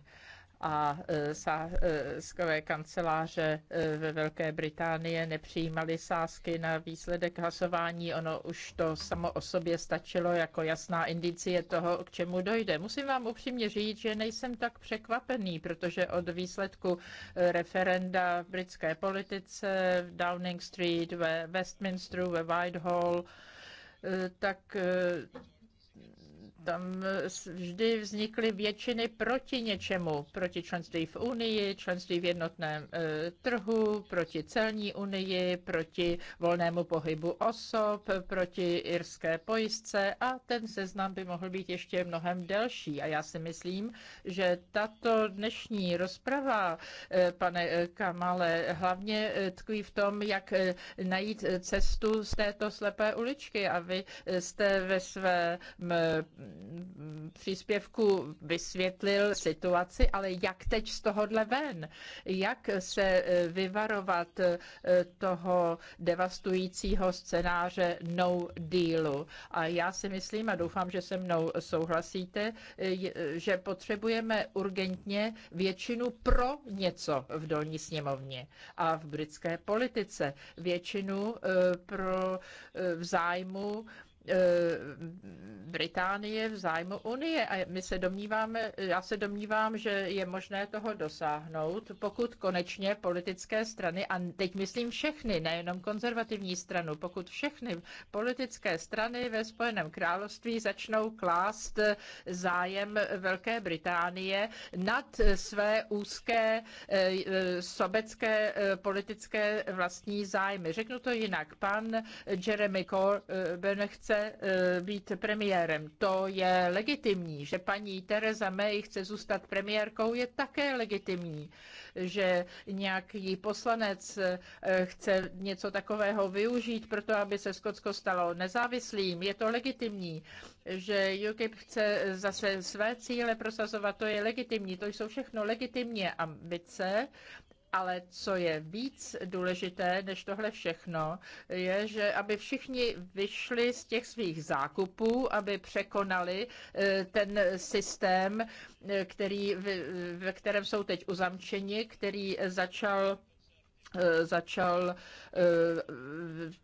a e, sáskové e, kanceláře e, ve Velké Británii nepřijímaly sásky na výsledek hlasování. Ono už to samo o sobě stačilo jako jasná indicie toho, k čemu dojde. Musím vám upřímně říct, že nejsem tak překvapený, protože od výsledku referenda v britské politice v Downing Street, ve Westminsteru, ve Whitehall, tak tam eh, vždy vznikly většiny proti něčemu, proti členství v Unii, členství v jednotném eh, trhu, proti celní unii, proti volnému pohybu osob, proti irské pojistce a ten seznam by mohl být ještě mnohem delší. A já si myslím, že tato dnešní rozprava, eh, pane Kamale, hlavně tkví v tom, jak najít cestu z této slepé uličky. A vy jste ve svém příspěvku vysvětlil situaci, ale jak teď z tohohle ven? Jak se eh, vyvarovat eh, toho devastujícího scénáře no dealu? A já si myslím, a doufám, že se mnou souhlasíte, eh, že potřebujeme urgentně většinu pro něco v dolní sněmovně a v britské politice. Většinu pro vzájmu. Eh, Británie v zájmu Unie. A my se domníváme, já se domnívám, že je možné toho dosáhnout, pokud konečně politické strany, a teď myslím všechny, nejenom konzervativní stranu, pokud všechny politické strany ve Spojeném království začnou klást zájem Velké Británie nad své úzké eh, sobecké eh, politické vlastní zájmy. Řeknu to jinak. Pan Jeremy Corbyn chce chce eh, být premiérem. To je legitimní, že paní Tereza May chce zůstat premiérkou, je také legitimní, že nějaký poslanec eh, chce něco takového využít proto, aby se Skotsko stalo nezávislým, je to legitimní, že UKIP chce zase své cíle prosazovat, to je legitimní, to jsou všechno legitimní ambice, ale co je víc důležité než tohle všechno, je, že aby všichni vyšli z těch svých zákupů, aby překonali eh, ten systém, eh, který, ve kterém jsou teď uzamčeni, který začal Eh, začal eh,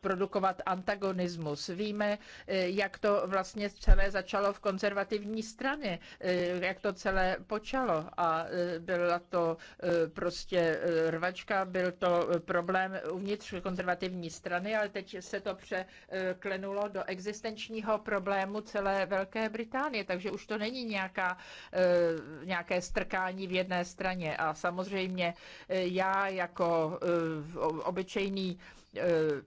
produkovat antagonismus. Víme, eh, jak to vlastně celé začalo v konzervativní straně, jak to celé počalo a byla to prostě rvačka, byl to problém uvnitř konzervativní strany, ale teď se to překlenulo do existenčního problému celé Velké Británie, takže už to není nějaká, nějaké strkání v jedné straně a samozřejmě já jako Eh, obyčejný eh,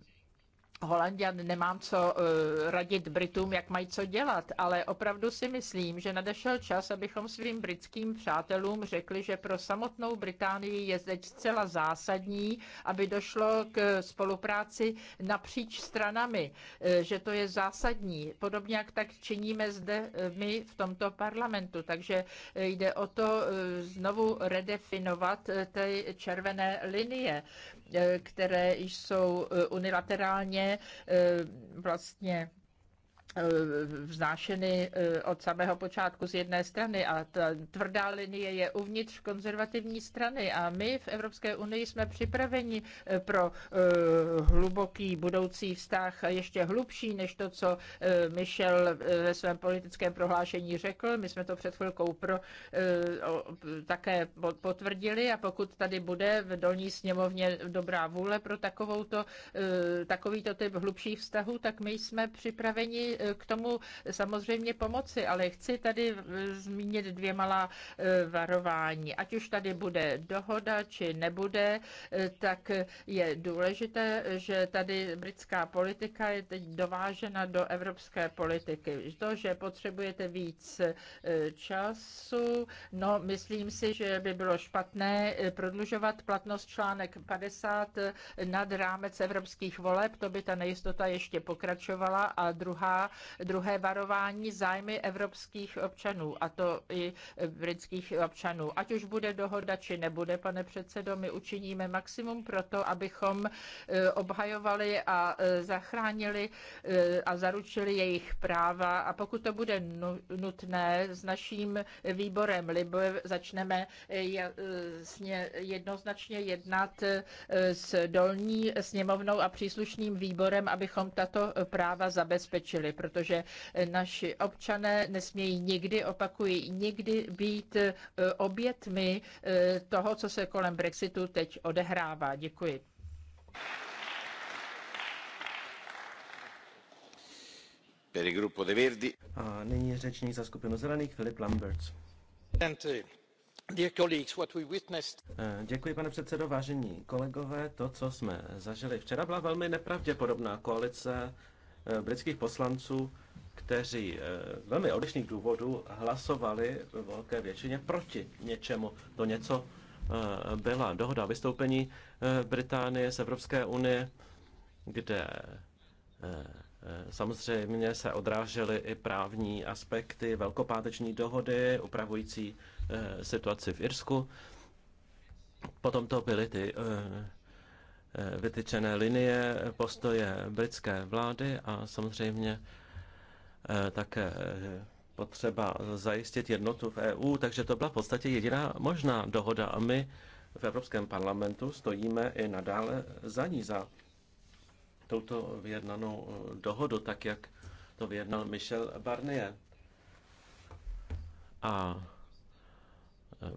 Holandian nemám co eh, radit Britům, jak mají co dělat, ale opravdu si myslím, že nadešel čas, abychom svým britským přátelům řekli, že pro samotnou Británii je zde zcela zásadní, aby došlo k spolupráci napříč stranami, eh, že to je zásadní, podobně jak tak činíme zde eh, my v tomto parlamentu. Takže jde o to znovu redefinovat ty červené linie. E, které jsou e, unilaterálně e, vlastně Eh, vznášeny eh, od samého počátku z jedné strany a ta tvrdá linie je uvnitř konzervativní strany a my v Evropské unii jsme připraveni eh, pro hluboký budoucí vztah ještě hlubší než to, co Michel ve svém politickém prohlášení řekl. My jsme to před chvilkou pro, také potvrdili a pokud tady bude v dolní sněmovně dobrá vůle pro takovouto, takovýto typ hlubších vztahů, tak my jsme připraveni Eh, k tomu samozřejmě pomoci, ale chci tady eh, zmínit dvě malá eh, varování. Ať už tady bude dohoda, či nebude, tak je důležité, že tady britská politika je teď dovážena do evropské politiky. To, že potřebujete víc času, no myslím si, že by bylo špatné prodlužovat platnost článek 50 nad rámec evropských voleb, to by ta nejistota ještě pokračovala. A druhá druhé varování zájmy evropských občanů, a to i britských občanů. Ať už bude dohoda, či nebude, pane předsedo, my učiníme maximum pro to, abychom e, obhajovali a e, zachránili e, a zaručili jejich práva. A pokud to bude nutné, s naším výborem Libo začneme jasně, jednoznačně jednat s dolní sněmovnou a příslušným výborem, abychom tato práva zabezpečili protože naši občané nesmějí nikdy, opakují, nikdy být e, obětmi e, toho, co se kolem Brexitu teď odehrává. Děkuji. Per il gruppo de Verdi. A nyní řečník za skupinu zelených Filip Lamberts. E, děkuji, pane předsedo, vážení kolegové. To, co jsme zažili včera, byla velmi nepravděpodobná koalice Eh, britských poslanců, kteří eh, velmi odlišných důvodů hlasovali v velké většině proti něčemu. To něco eh, byla dohoda o vystoupení Británie z Evropské unie, kde samozřejmě se odrážely i právní aspekty velkopáteční dohody upravující situaci v Irsku. Potom to byly ty Eh, vytyčené linie postoje britské vlády a samozřejmě eh, také eh, potřeba zajistit jednotu v EU, takže to byla v podstatě jediná možná dohoda a my v Evropském parlamentu stojíme i nadále za ní, za touto vyjednanou dohodu, tak jak to vyjednal Michel Barnier. A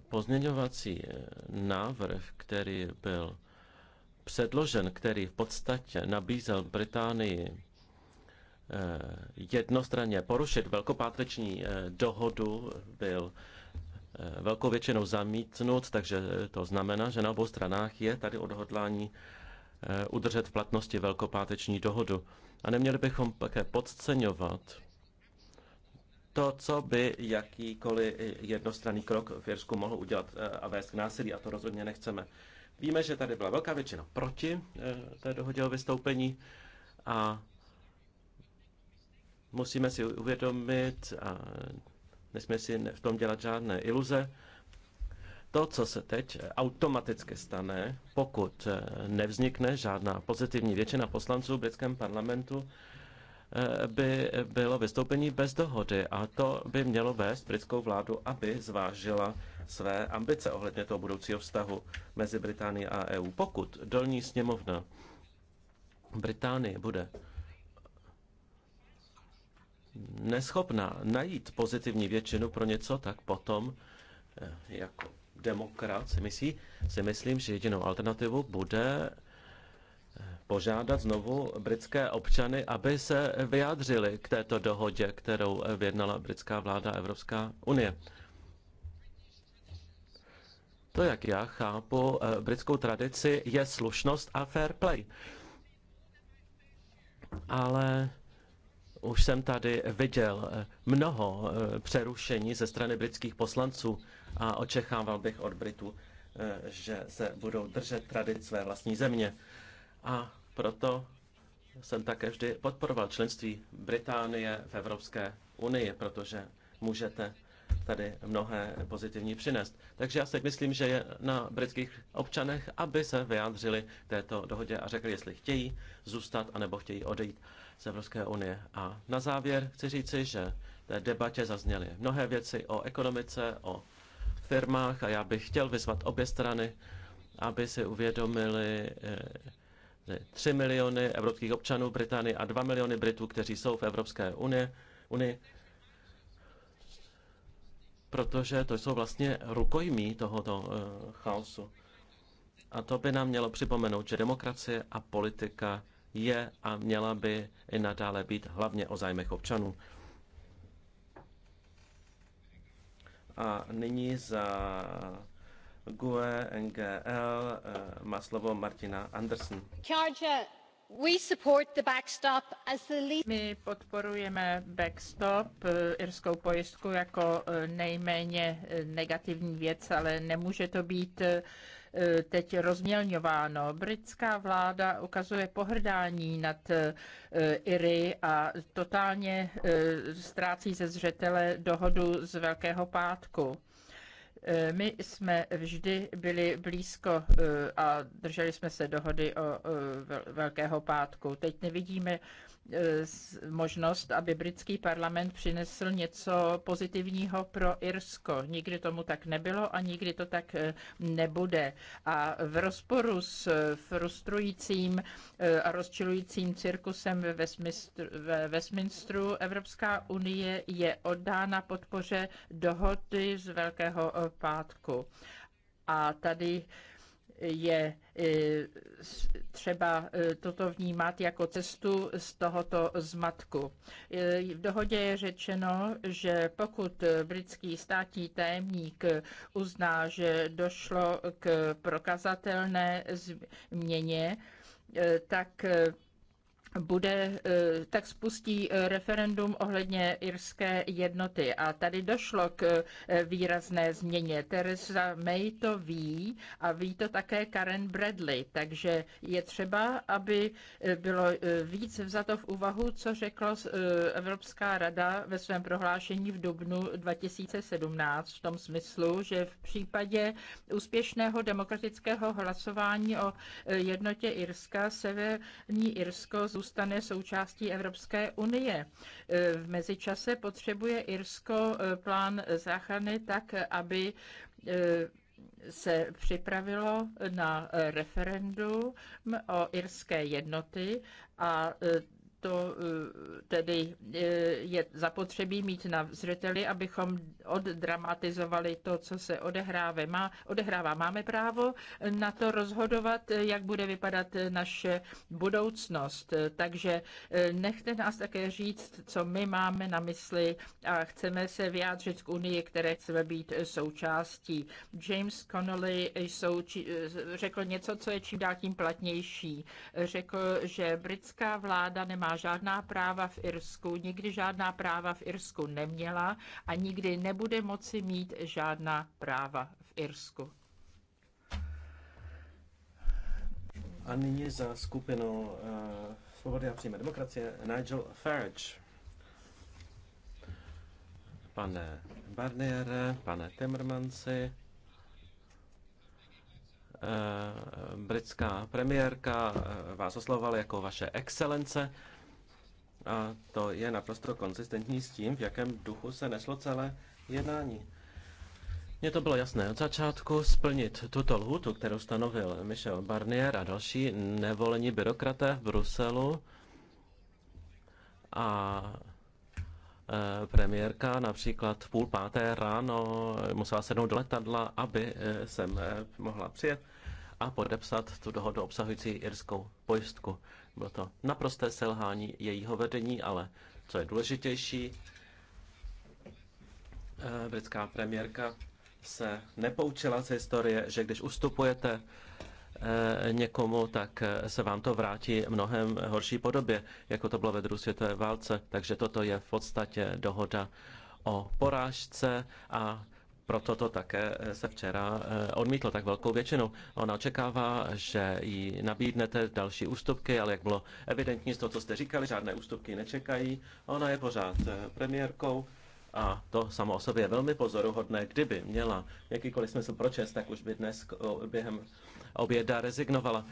pozměňovací návrh, který byl předložen, který v podstatě nabízel Británii eh, jednostranně porušit velkopáteční eh, dohodu, byl eh, velkou většinou zamítnut, takže to znamená, že na obou stranách je tady odhodlání udržet v platnosti velkopáteční dohodu. A neměli bychom také podceňovat to, co by jakýkoliv jednostranný krok v Jirsku mohl udělat a vést k násilí, a to rozhodně nechceme. Víme, že tady byla velká většina proti eh, té dohodě o vystoupení a musíme si uvědomit a nesmíme si v tom dělat žádné iluze. To, co se teď automaticky stane, pokud eh, nevznikne žádná pozitivní většina poslanců v britském parlamentu, eh, by bylo vystoupení bez dohody a to by mělo vést britskou vládu, aby zvážila své ambice ohledně toho budoucího vztahu mezi Británií a EU. Pokud dolní sněmovna Británie bude neschopná najít pozitivní většinu pro něco, tak potom eh, jako demokrat si, myslí, si myslím, že jedinou alternativou bude eh, požádat znovu britské občany, aby se vyjádřili k této dohodě, kterou eh, vyjednala britská vláda a Evropská unie. To, jak já chápu eh, britskou tradici, je slušnost a fair play. Ale už jsem tady viděl eh, mnoho eh, přerušení ze strany britských poslanců a očekával bych od Britů, že se budou držet tradic své vlastní země. A proto jsem také vždy podporoval členství Británie v Evropské unii, protože můžete tady mnohé pozitivní přinést. Takže já si myslím, že je na britských občanech, aby se vyjádřili této dohodě a řekli, jestli chtějí zůstat anebo chtějí odejít z Evropské unie. A na závěr chci říci, že té debatě zazněly mnohé věci o ekonomice, o firmách a já bych chtěl vyzvat obě strany, aby si uvědomili, 3 eh, miliony evropských občanů Británie a 2 miliony Britů, kteří jsou v Evropské unii, unii protože to jsou vlastně rukojmí tohoto eh, chaosu. A to by nám mělo připomenout, že demokracie a politika je a měla by i nadále být hlavně o zájmech občanů. A nyní za GUE NGL eh, má slovo Martina Andersen. Charger. My podporujeme backstop, e, irskou pojistku, jako e, nejméně e, negativní věc, ale nemůže to být teď rozmělňováno. Britská vláda ukazuje pohrdání nad Iry a totálně ztrácí ze zřetele dohodu z Velkého pátku my jsme vždy byli blízko eh, a drželi jsme se dohody o eh, Velkého pátku. Teď nevidíme Eh, možnost, aby britský parlament přinesl něco pozitivního pro Irsko. Nikdy tomu tak nebylo a nikdy to tak eh, nebude. A v rozporu s eh, frustrujícím a rozčilujícím cirkusem ve Westminsteru Evropská unie je oddána podpoře dohody z Velkého pátku. A tady je eh, třeba eh, toto vnímat jako cestu z tohoto zmatku. Eh, v dohodě je řečeno, že pokud britský státní tajemník uzná, že došlo k prokazatelné změně, tak bude, eh, tak spustí eh, referendum ohledně irské jednoty. A tady došlo k eh, výrazné změně. Teresa May to ví a ví to také Karen Bradley, takže je třeba, aby bylo víc vzato v úvahu, co řekla Evropská rada ve svém prohlášení v dubnu 2017 v tom smyslu, že v případě úspěšného demokratického hlasování o jednotě Irska, Severní Irsko zůstane součástí Evropské unie. E, v mezičase potřebuje Irsko e, plán záchrany tak, aby e, se připravilo na referendum o irské jednoty a to eh, tedy eh, je zapotřebí mít na zřeteli, abychom oddramatizovali to, co se odehrává. Má, odehrává. Máme právo na to rozhodovat, eh, jak bude vypadat naše budoucnost. Takže nechte nás také říct, co my máme na mysli a chceme se vyjádřit k Unii, které chceme být součástí. James Connolly jsou, či, řekl něco, co je čím dál tím platnější. Řekl, že britská vláda nemá nemá žádná práva v Irsku, nikdy žádná práva v Irsku neměla a nikdy nebude moci mít žádná práva v Irsku. A nyní za skupinu uh, Svobody a přímé demokracie Nigel Farage. Pane Barniere, pane Timmermansi, eh, britská premiérka eh, vás oslovovala jako vaše excelence. A to je naprosto konzistentní s tím, v jakém duchu se neslo celé jednání. Mně to bylo jasné od začátku splnit tuto lhutu, kterou stanovil Michel Barnier a další nevolení byrokraté v Bruselu a eh, premiérka například v půl páté ráno musela sednout do letadla, aby jsem eh, eh, mohla přijet a podepsat tu dohodu obsahující irskou pojistku. Bylo to naprosté selhání jejího vedení, ale co je důležitější, eh, britská premiérka se nepoučila z historie, že když ustupujete eh, někomu, tak eh, se vám to vrátí v mnohem horší podobě, jako to bylo ve druhé světové válce. Takže toto je v podstatě dohoda o porážce a proto to také eh, se včera eh, odmítlo tak velkou většinou. Ona očekává, že jí nabídnete další ústupky, ale jak bylo evidentní z toho, co jste říkali, žádné ústupky nečekají. Ona je pořád eh, premiérkou a to samo o sobě je velmi pozoruhodné. Kdyby měla jakýkoliv smysl pro čest, tak už by dnes během oběda rezignovala.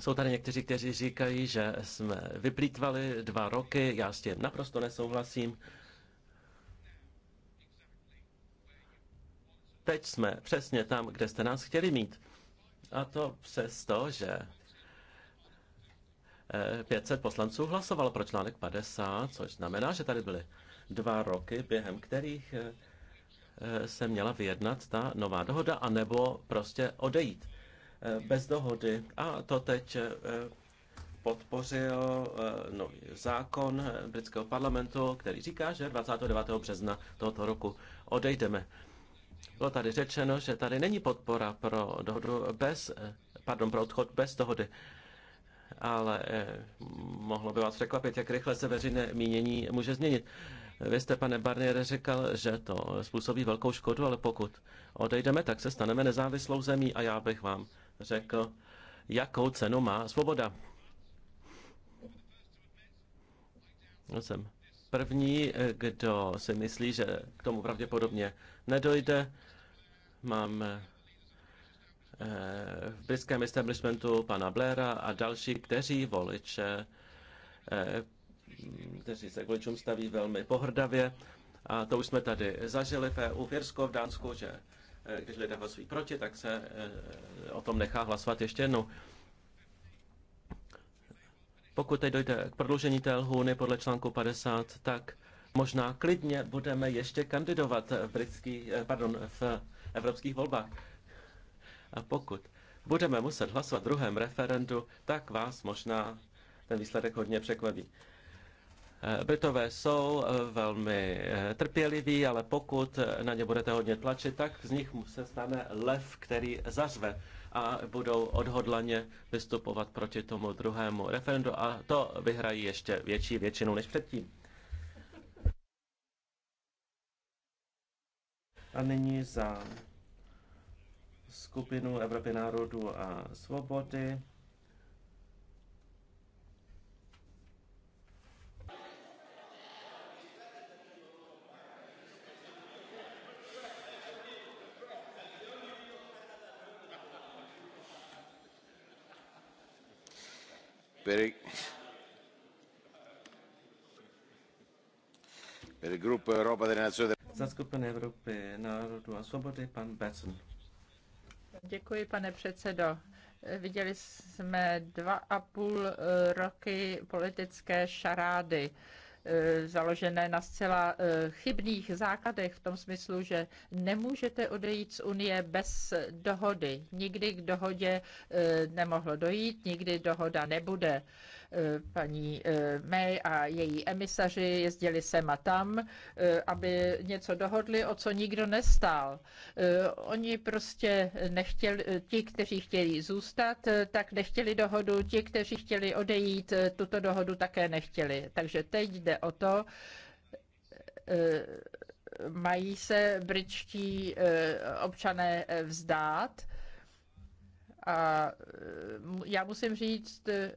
Jsou tady někteří, kteří říkají, že jsme vyplýtvali dva roky, já s tím naprosto nesouhlasím. Teď jsme přesně tam, kde jste nás chtěli mít. A to přesto, že 500 eh, poslanců hlasovalo pro článek 50, což znamená, že tady byly dva roky, během kterých eh, eh, se měla vyjednat ta nová dohoda, anebo prostě odejít bez dohody. A to teď podpořil nový zákon britského parlamentu, který říká, že 29. března tohoto roku odejdeme. Bylo tady řečeno, že tady není podpora pro dohodu bez, pardon, pro odchod bez dohody. Ale eh, mohlo by vás překvapit, jak rychle se veřejné mínění může změnit. Vy jste, pane Barnier, říkal, že to způsobí velkou škodu, ale pokud odejdeme, tak se staneme nezávislou zemí a já bych vám řekl, jakou cenu má svoboda. Já jsem první, kdo si myslí, že k tomu pravděpodobně nedojde. mám eh, v blízkém establishmentu pana Blaira a další, kteří voliče, eh, kteří se k voličům staví velmi pohrdavě. A to už jsme tady zažili v EU, v Jirsku, v Dánsku, že eh, když lidé hlasují proti, tak se o tom nechá hlasovat ještě jednou. Pokud teď dojde k prodloužení té lhůny podle článku 50, tak možná klidně budeme ještě kandidovat v, britský, eh, pardon, v evropských volbách. A pokud budeme muset hlasovat v druhém referendu, tak vás možná ten výsledek hodně překvapí. Eh, Britové jsou eh, velmi trpěliví, ale pokud na ně budete hodně tlačit, tak z nich se stane lev, který zařve a budou odhodlaně vystupovat proti tomu druhému referendu a to vyhrají ještě větší většinu než předtím. A nyní za skupinu Evropy národů a svobody Evropy národů a svobody pan Děkuji, pane předsedo. Viděli jsme dva a půl eh, roky politické šarády E, založené na zcela e, chybných základech v tom smyslu, že nemůžete odejít z Unie bez dohody. Nikdy k dohodě e, nemohlo dojít, nikdy dohoda nebude. Eh, paní eh, May a její emisaři jezdili sem a tam, eh, aby něco dohodli, o co nikdo nestál. Oni prostě nechtěli, ti, kteří chtěli zůstat, tak nechtěli dohodu, ti, kteří chtěli odejít, tuto dohodu také nechtěli. Takže teď jde o to, mají se britští občané vzdát a eh, já musím říct, eh,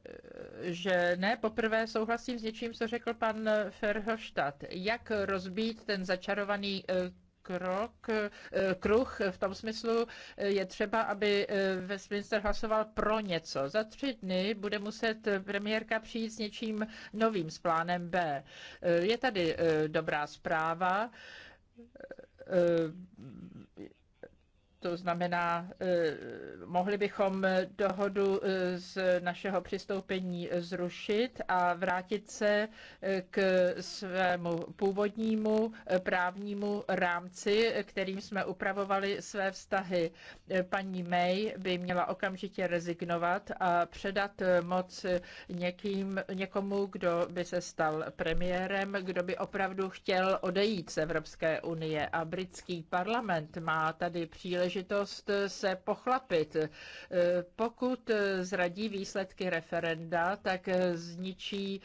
že ne poprvé souhlasím s něčím, co řekl pan Ferhoštat. Jak rozbít ten začarovaný eh, krok, kruh v tom smyslu je třeba, aby Westminster hlasoval pro něco. Za tři dny bude muset premiérka přijít s něčím novým, s plánem B. Je tady dobrá zpráva to znamená, eh, mohli bychom dohodu eh, z našeho přistoupení zrušit a vrátit se eh, k svému původnímu právnímu rámci, kterým jsme upravovali své vztahy. Paní May by měla okamžitě rezignovat a předat moc někým, někomu, kdo by se stal premiérem, kdo by opravdu chtěl odejít z Evropské unie. A britský parlament má tady příležitost příležitost se pochlapit. Pokud zradí výsledky referenda, tak zničí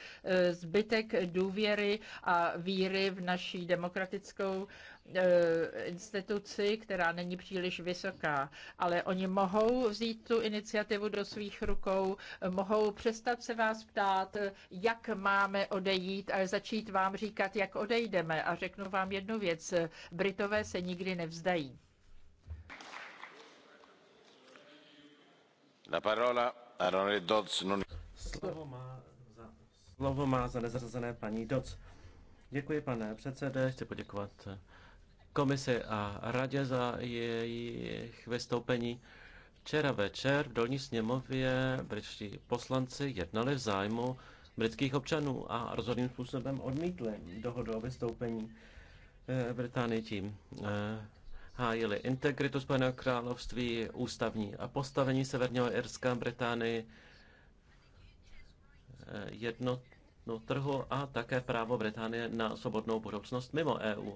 zbytek důvěry a víry v naší demokratickou eh, instituci, která není příliš vysoká, ale oni mohou vzít tu iniciativu do svých rukou, mohou přestat se vás ptát, jak máme odejít a začít vám říkat, jak odejdeme. A řeknu vám jednu věc, Britové se nikdy nevzdají. Slovo má za, slovo má za nezrazené paní Doc. Děkuji, pane předsede. Chci poděkovat komisi a radě za jejich vystoupení. Včera večer v dolní sněmově britští poslanci jednali v zájmu britských občanů a rozhodným způsobem odmítli dohodu o vystoupení eh, Británii tím eh, hájili integritu Spojeného království, ústavní a postavení Severního Irska, Británii, eh, jednotnou trhu a také právo Británie na svobodnou budoucnost mimo EU.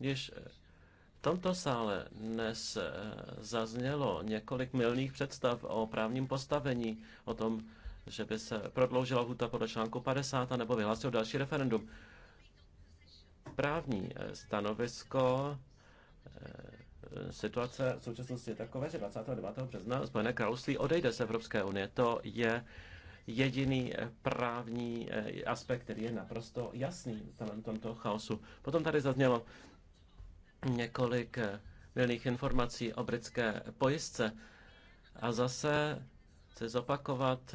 Již eh, v tomto sále dnes eh, zaznělo několik milných představ o právním postavení, o tom, že by se prodloužila huta podle článku 50 nebo vyhlásil další referendum právní eh, stanovisko eh, situace v současnosti je taková, že 29. března Spojené království odejde z Evropské unie. To je jediný eh, právní aspekt, který je naprosto jasný v celém tomto chaosu. Potom tady zaznělo několik milných informací o britské pojistce. A zase chci zopakovat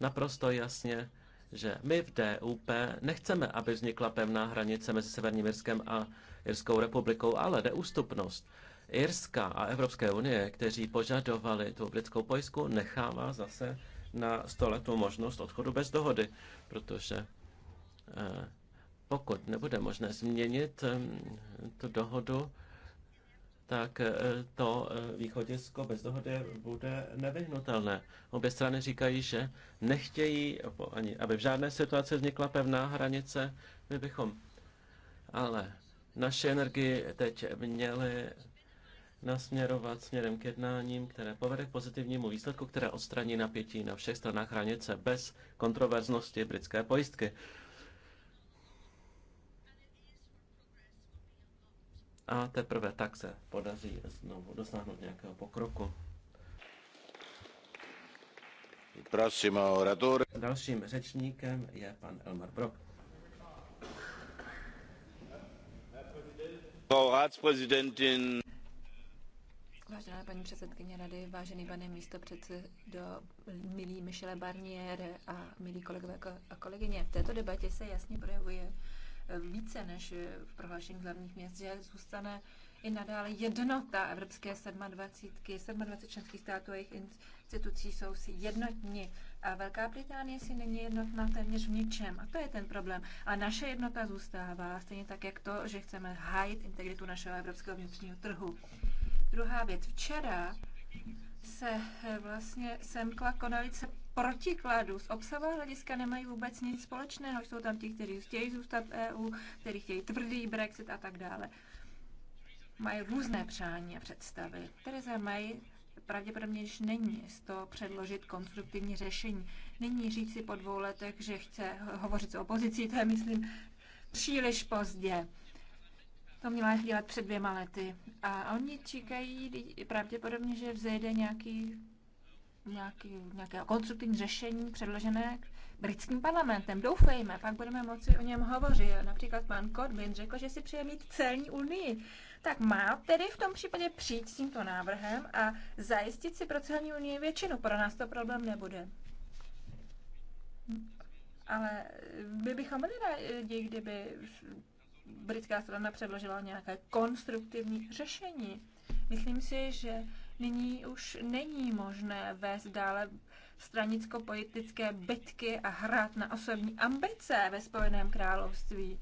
naprosto jasně, že my v DUP nechceme, aby vznikla pevná hranice mezi Severním Irskem a Irskou republikou, ale neústupnost Irska a Evropské unie, kteří požadovali tu britskou pojistku, nechává zase na stole tu možnost odchodu bez dohody, protože eh, pokud nebude možné změnit eh, tu dohodu, tak eh, to eh, východisko bez dohody bude nevyhnutelné. Obě strany říkají, že nechtějí, ani aby v žádné situaci vznikla pevná hranice, my bychom. Ale naše energii teď měly nasměrovat směrem k jednáním, které povede k pozitivnímu výsledku, které odstraní napětí na všech stranách hranice bez kontroverznosti britské pojistky. a teprve tak se podaří znovu dosáhnout nějakého pokroku. Dalším řečníkem je pan Elmar Brok. Vážená paní předsedkyně rady, vážený pane místo předsedo, milí Michele Barnier a milí kolegové a kolegyně, v této debatě se jasně projevuje více než eh, v prohlášení hlavních měst, že zůstane i nadále jednota Evropské 27. 27 členských států a jejich institucí jsou si jednotní. A Velká Británie si není jednotná téměř v ničem. A to je ten problém. A naše jednota zůstává, stejně tak, jak to, že chceme hájit integritu našeho evropského vnitřního trhu. Druhá věc. Včera se eh, vlastně semkla konalice protikladu. Z obsahového hlediska nemají vůbec nic společného. Jsou tam ti, kteří chtějí zůstat v EU, kteří chtějí tvrdý Brexit a tak dále. Mají různé přání a představy. Theresa mají pravděpodobně když není z toho předložit konstruktivní řešení. není říct si po dvou letech, že chce hovořit s opozicí, to je, myslím, příliš pozdě. To měla dělat před dvěma lety. A oni čekají pravděpodobně, že vzejde nějaký nějaký, nějaké konstruktivní řešení předložené britským parlamentem. Doufejme, pak budeme moci o něm hovořit. Například pan Corbyn řekl, že si přeje mít celní unii. Tak má tedy v tom případě přijít s tímto návrhem a zajistit si pro celní unii většinu. Pro nás to problém nebude. Ale my bychom byli rádi, kdyby britská strana předložila nějaké konstruktivní řešení. Myslím si, že nyní už není možné vést dále stranicko-politické bitky a hrát na osobní ambice ve Spojeném království.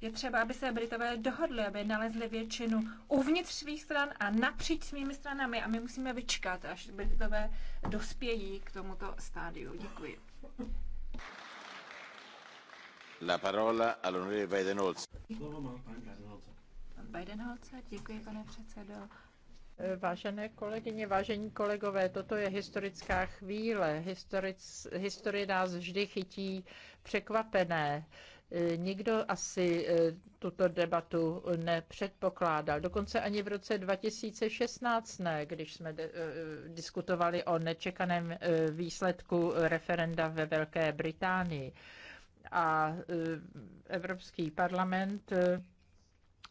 Je třeba, aby se Britové dohodli, aby nalezli většinu uvnitř svých stran a napříč svými stranami. A my musíme vyčkat, až Britové dospějí k tomuto stádiu. Děkuji. La parola all'onorevole Weidenholzer. Slovo má pan Weidenholzer. Pan děkuji, pane předsedo. Vážené kolegyně, vážení kolegové, toto je historická chvíle. Historic, historie nás vždy chytí překvapené. Eh, nikdo asi eh, tuto debatu nepředpokládal. Dokonce ani v roce 2016 ne, když jsme de, eh, diskutovali o nečekaném výsledku referenda ve Velké Británii. A Evropský parlament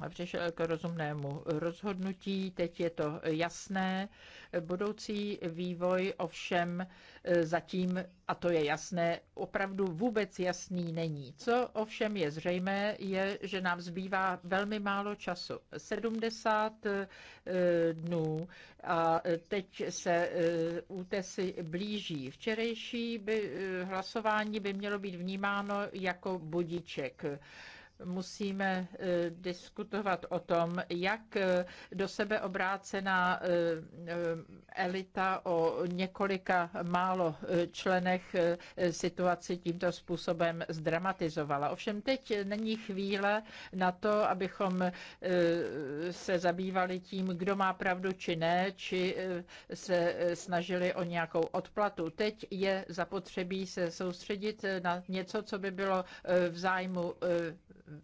přišel k rozumnému rozhodnutí, teď je to jasné. Budoucí vývoj ovšem e, zatím, a to je jasné, opravdu vůbec jasný není. Co ovšem je zřejmé, je, že nám zbývá velmi málo času. 70 e, dnů a e, teď se útesy blíží. Včerejší by, hlasování by mělo být vnímáno jako budiček musíme eh, diskutovat o tom, jak eh, do sebe obrácená eh, elita o několika málo členech situaci tímto způsobem zdramatizovala. Ovšem teď není chvíle na to, abychom se zabývali tím, kdo má pravdu či ne, či se snažili o nějakou odplatu. Teď je zapotřebí se soustředit na něco, co by bylo v zájmu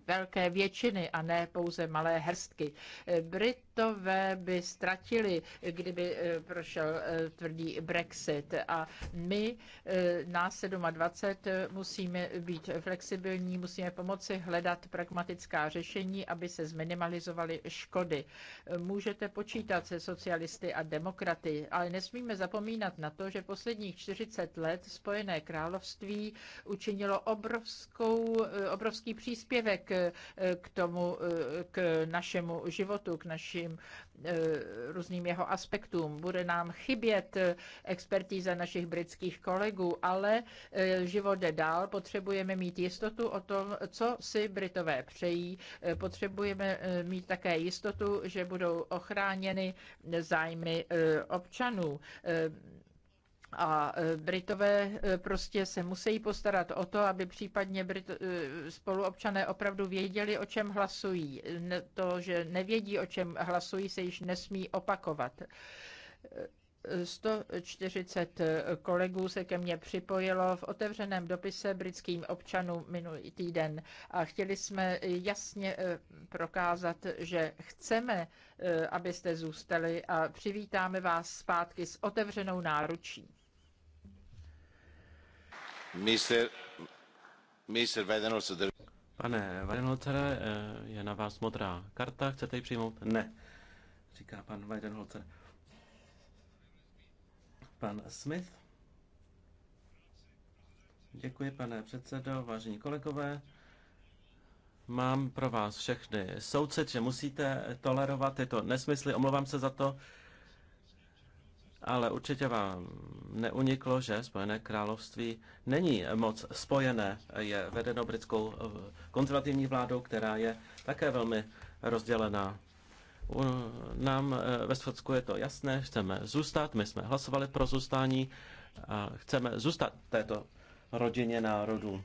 velké většiny a ne pouze malé hrstky. Britové by ztratili, kdyby eh, prošel eh, tvrdý Brexit a my eh, na 27 musíme být flexibilní, musíme pomoci hledat pragmatická řešení, aby se zminimalizovaly škody. Můžete počítat se socialisty a demokraty, ale nesmíme zapomínat na to, že posledních 40 let Spojené království učinilo obrovskou, obrovský příspěvek k, k tomu, k našemu životu, k našim eh, různým jeho aspektům. Bude nám chybět expertíza našich britských kolegů, ale eh, život jde dál, potřebujeme mít jistotu o tom, co si Britové přejí, eh, potřebujeme mít také jistotu, že budou ochráněny zájmy občanů. A e, Britové e, prostě se musí postarat o to, aby případně Brit, e, spoluobčané opravdu věděli, o čem hlasují. To, že nevědí, o čem hlasují, se již nesmí opakovat. 140 kolegů se ke mně připojilo v otevřeném dopise britským občanům minulý týden a chtěli jsme jasně prokázat, že chceme, abyste zůstali a přivítáme vás zpátky s otevřenou náručí. Pane Weidenholzere, eh, je na vás modrá karta, chcete ji přijmout? Ne, říká pan Weidenholzer. Pan Smith. Děkuji, pane předsedo, vážení kolegové. Mám pro vás všechny soucit, že musíte tolerovat tyto nesmysly. Omlouvám se za to ale určitě vám neuniklo, že Spojené království není moc spojené, je vedeno britskou eh, konzervativní vládou, která je také velmi rozdělená. U nám eh, ve Skotsku je to jasné, chceme zůstat, my jsme hlasovali pro zůstání a chceme zůstat této rodině národů.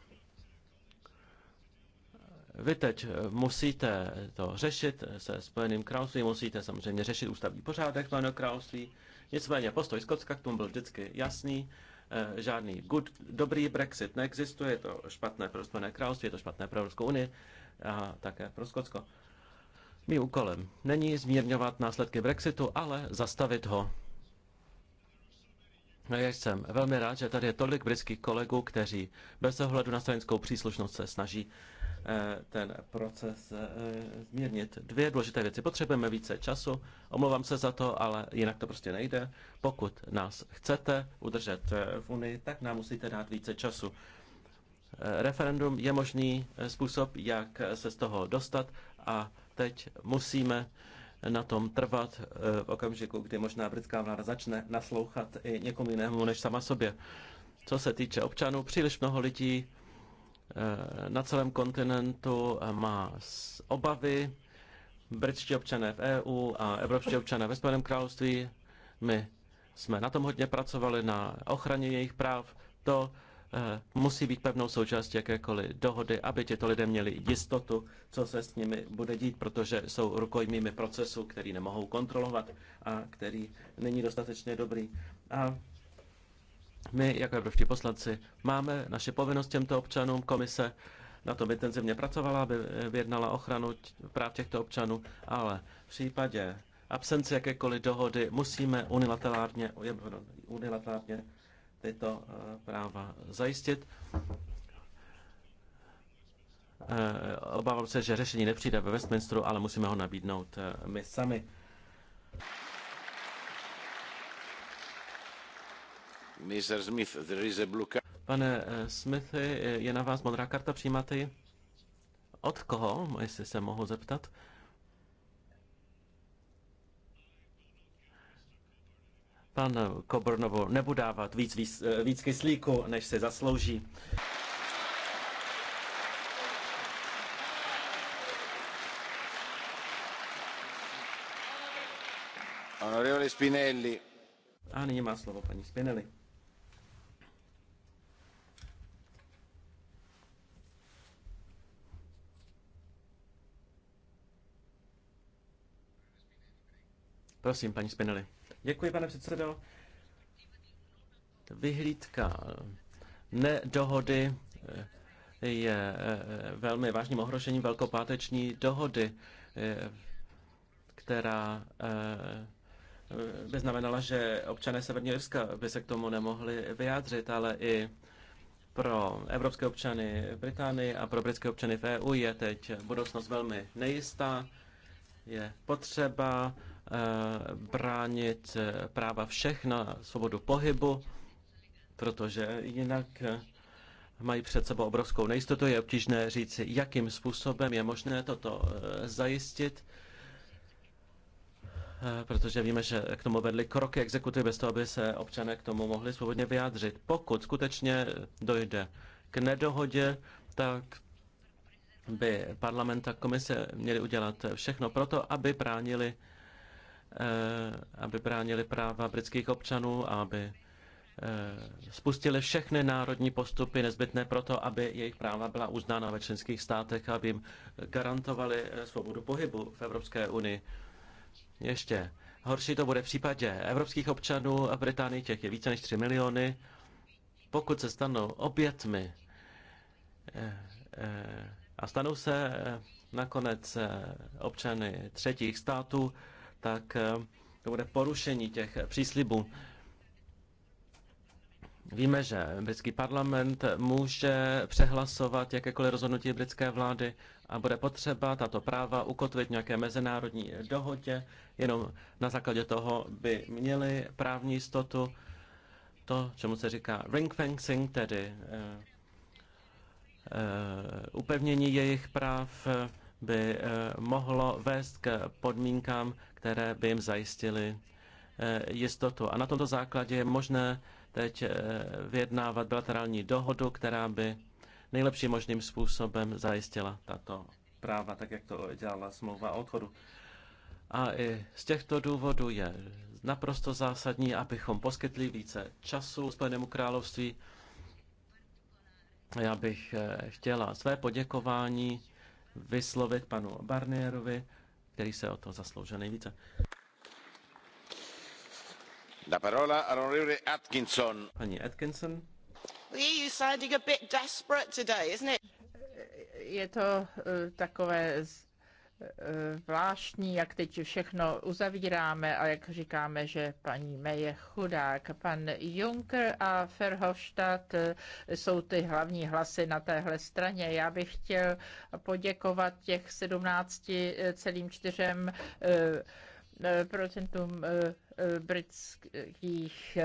Vy teď musíte to řešit se Spojeným královstvím, musíte samozřejmě řešit ústavní pořádek Spojeného království, Nicméně postoj Skotska k tomu byl vždycky jasný. Eh, žádný good, dobrý Brexit neexistuje, je to špatné pro Spojené království, je to špatné pro Evropskou unii a také pro Skotsko. Mým úkolem není zmírňovat následky Brexitu, ale zastavit ho. No já jsem velmi rád, že tady je tolik britských kolegů, kteří bez ohledu na stranickou příslušnost se snaží eh, ten proces eh, zmírnit. Dvě důležité věci. Potřebujeme více času, omlouvám se za to, ale jinak to prostě nejde. Pokud nás chcete udržet eh, v Unii, tak nám musíte dát více času. Referendum je možný způsob, jak se z toho dostat a teď musíme na tom trvat eh, v okamžiku, kdy možná britská vláda začne naslouchat i někomu jinému než sama sobě. Co se týče občanů, příliš mnoho lidí eh, na celém kontinentu eh, má obavy. Britští občané v EU a evropští občané ve Spojeném království. My jsme na tom hodně pracovali, na ochraně jejich práv. To Eh, musí být pevnou součástí jakékoliv dohody, aby těto lidé měli jistotu, co se s nimi bude dít, protože jsou rukojmími procesu, který nemohou kontrolovat a který není dostatečně dobrý. A my, jako evropští poslanci, máme naše povinnost těmto občanům. Komise na tom intenzivně pracovala, aby vyjednala ochranu práv těchto občanů, ale v případě absence jakékoliv dohody musíme unilaterálně, unilaterálně tyto eh, práva zajistit. Eh, obávám se, že řešení nepřijde ve Westminsteru, ale musíme ho nabídnout eh, my sami. Mr. Smith, there is a blue card. Pane Smithy, je na vás modrá karta, přijímáte ji? Od koho, jestli se mohu zeptat? pan eh, Kobornovu nebudávat víc, víc, eh, víc kyslíku, než se zaslouží. Honorevole Spinelli. A nyní má slovo paní Spinelli. Prosím, paní Spinelli. Děkuji, pane předsedo. Vyhlídka nedohody eh, je eh, velmi vážným ohrožením velkopáteční dohody, eh, která by znamenala, že občané Severního Irska by se k tomu nemohli vyjádřit, ale i pro evropské občany Británii a pro britské občany v EU je teď budoucnost velmi nejistá. Je potřeba Eh, bránit eh, práva všech na svobodu pohybu, protože jinak eh, mají před sebou obrovskou nejistotu. Je obtížné říci, jakým způsobem je možné toto zajistit, protože víme, že k tomu vedly kroky exekutivy bez toho, aby se občané k tomu mohli svobodně vyjádřit. Pokud skutečně dojde k nedohodě, tak by parlament a komise měli udělat všechno proto, aby bránili Eh, aby bránili práva britských občanů a aby eh, spustili všechny národní postupy nezbytné pro to, aby jejich práva byla uznána ve členských státech, aby jim garantovali eh, svobodu pohybu v Evropské unii. Ještě horší to bude v případě evropských občanů a Británii, těch je více než 3 miliony. Pokud se stanou obětmi a stanou se nakonec občany třetích států, tak eh, to bude porušení těch příslibů. Víme, že britský parlament může přehlasovat jakékoliv rozhodnutí britské vlády a bude potřeba tato práva ukotvit v nějaké mezinárodní dohodě. Jenom na základě toho by měli právní jistotu to, čemu se říká ring fencing, tedy uh, uh, upevnění jejich práv. Uh, by eh, mohlo vést k podmínkám, které by jim zajistily eh, jistotu. A na tomto základě je možné teď eh, vyjednávat bilaterální dohodu, která by nejlepším možným způsobem zajistila tato práva, tak jak to dělala smlouva o odchodu. A i z těchto důvodů je naprosto zásadní, abychom poskytli více času Spojenému království. Já bych chtěla své poděkování vyslovit panu Barnierovi, který se o to zasloužil nejvíce. La parola all'onorevole Atkinson. Paní Atkinson. The e sounding a bit desperate today, isn't it? Je to eh, takové Eh, zvláštní, jak teď všechno uzavíráme a jak říkáme, že paní May je chudák. Pan Juncker a Verhofstadt eh, jsou ty hlavní hlasy na téhle straně. Já bych chtěl poděkovat těch 17 celým čtyřem eh, procentům britských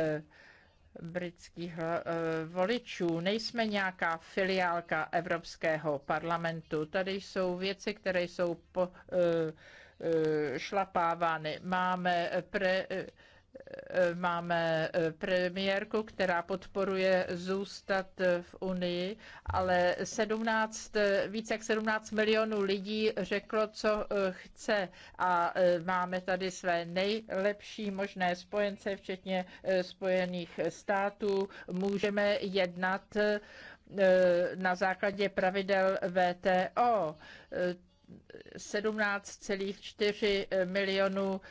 britských eh, voličů. Nejsme nějaká filiálka Evropského parlamentu. Tady jsou věci, které jsou po, eh, eh, šlapávány. Máme pre, Eh, máme eh, premiérku, která podporuje zůstat eh, v Unii, ale 17, více jak 17 milionů lidí řeklo, co chce. A máme tady své nejlepší možné spojence, včetně Spojených států. Můžeme jednat na základě pravidel VTO. 17,4 milionů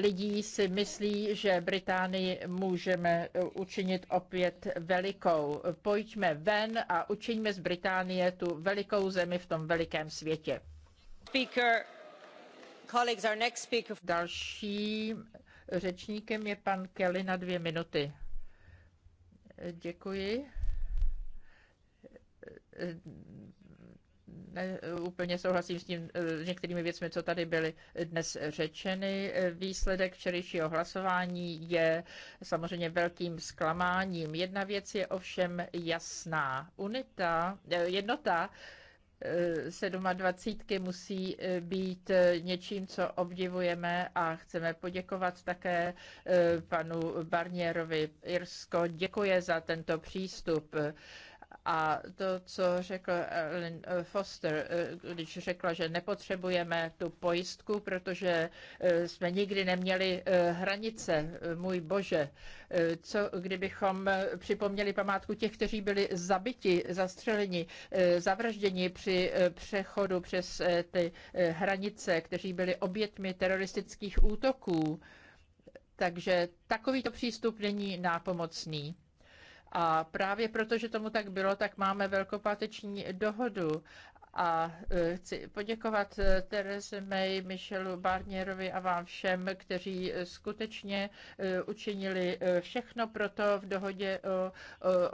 lidí si myslí, že Británii můžeme eh, učinit opět velikou. Pojďme ven a učiňme z Británie tu velikou zemi v tom velikém světě. Speaker, colleagues, our next speaker. Dalším řečníkem je pan Kelly na dvě minuty. Děkuji ne, úplně souhlasím s tím, eh, s některými věcmi, co tady byly dnes řečeny. Výsledek včerejšího hlasování je samozřejmě velkým zklamáním. Jedna věc je ovšem jasná. Unita, eh, jednota 27 eh, musí být něčím, co obdivujeme a chceme poděkovat také panu Barnierovi. Irsko děkuje za tento přístup. A to, co řekl Ellen eh, eh, Foster, eh, když řekla, že nepotřebujeme tu pojistku, protože jsme nikdy neměli hranice, můj bože, co kdybychom připomněli památku těch, kteří byli zabiti, zastřeleni, zavražděni při přechodu přes ty hranice, kteří byli obětmi teroristických útoků. Takže takovýto přístup není nápomocný. A právě proto, že tomu tak bylo, tak máme velkopáteční dohodu a e, chci poděkovat e, Tereze May, Michelu Barnierovi a vám všem, kteří e, skutečně učinili všechno pro to v dohodě o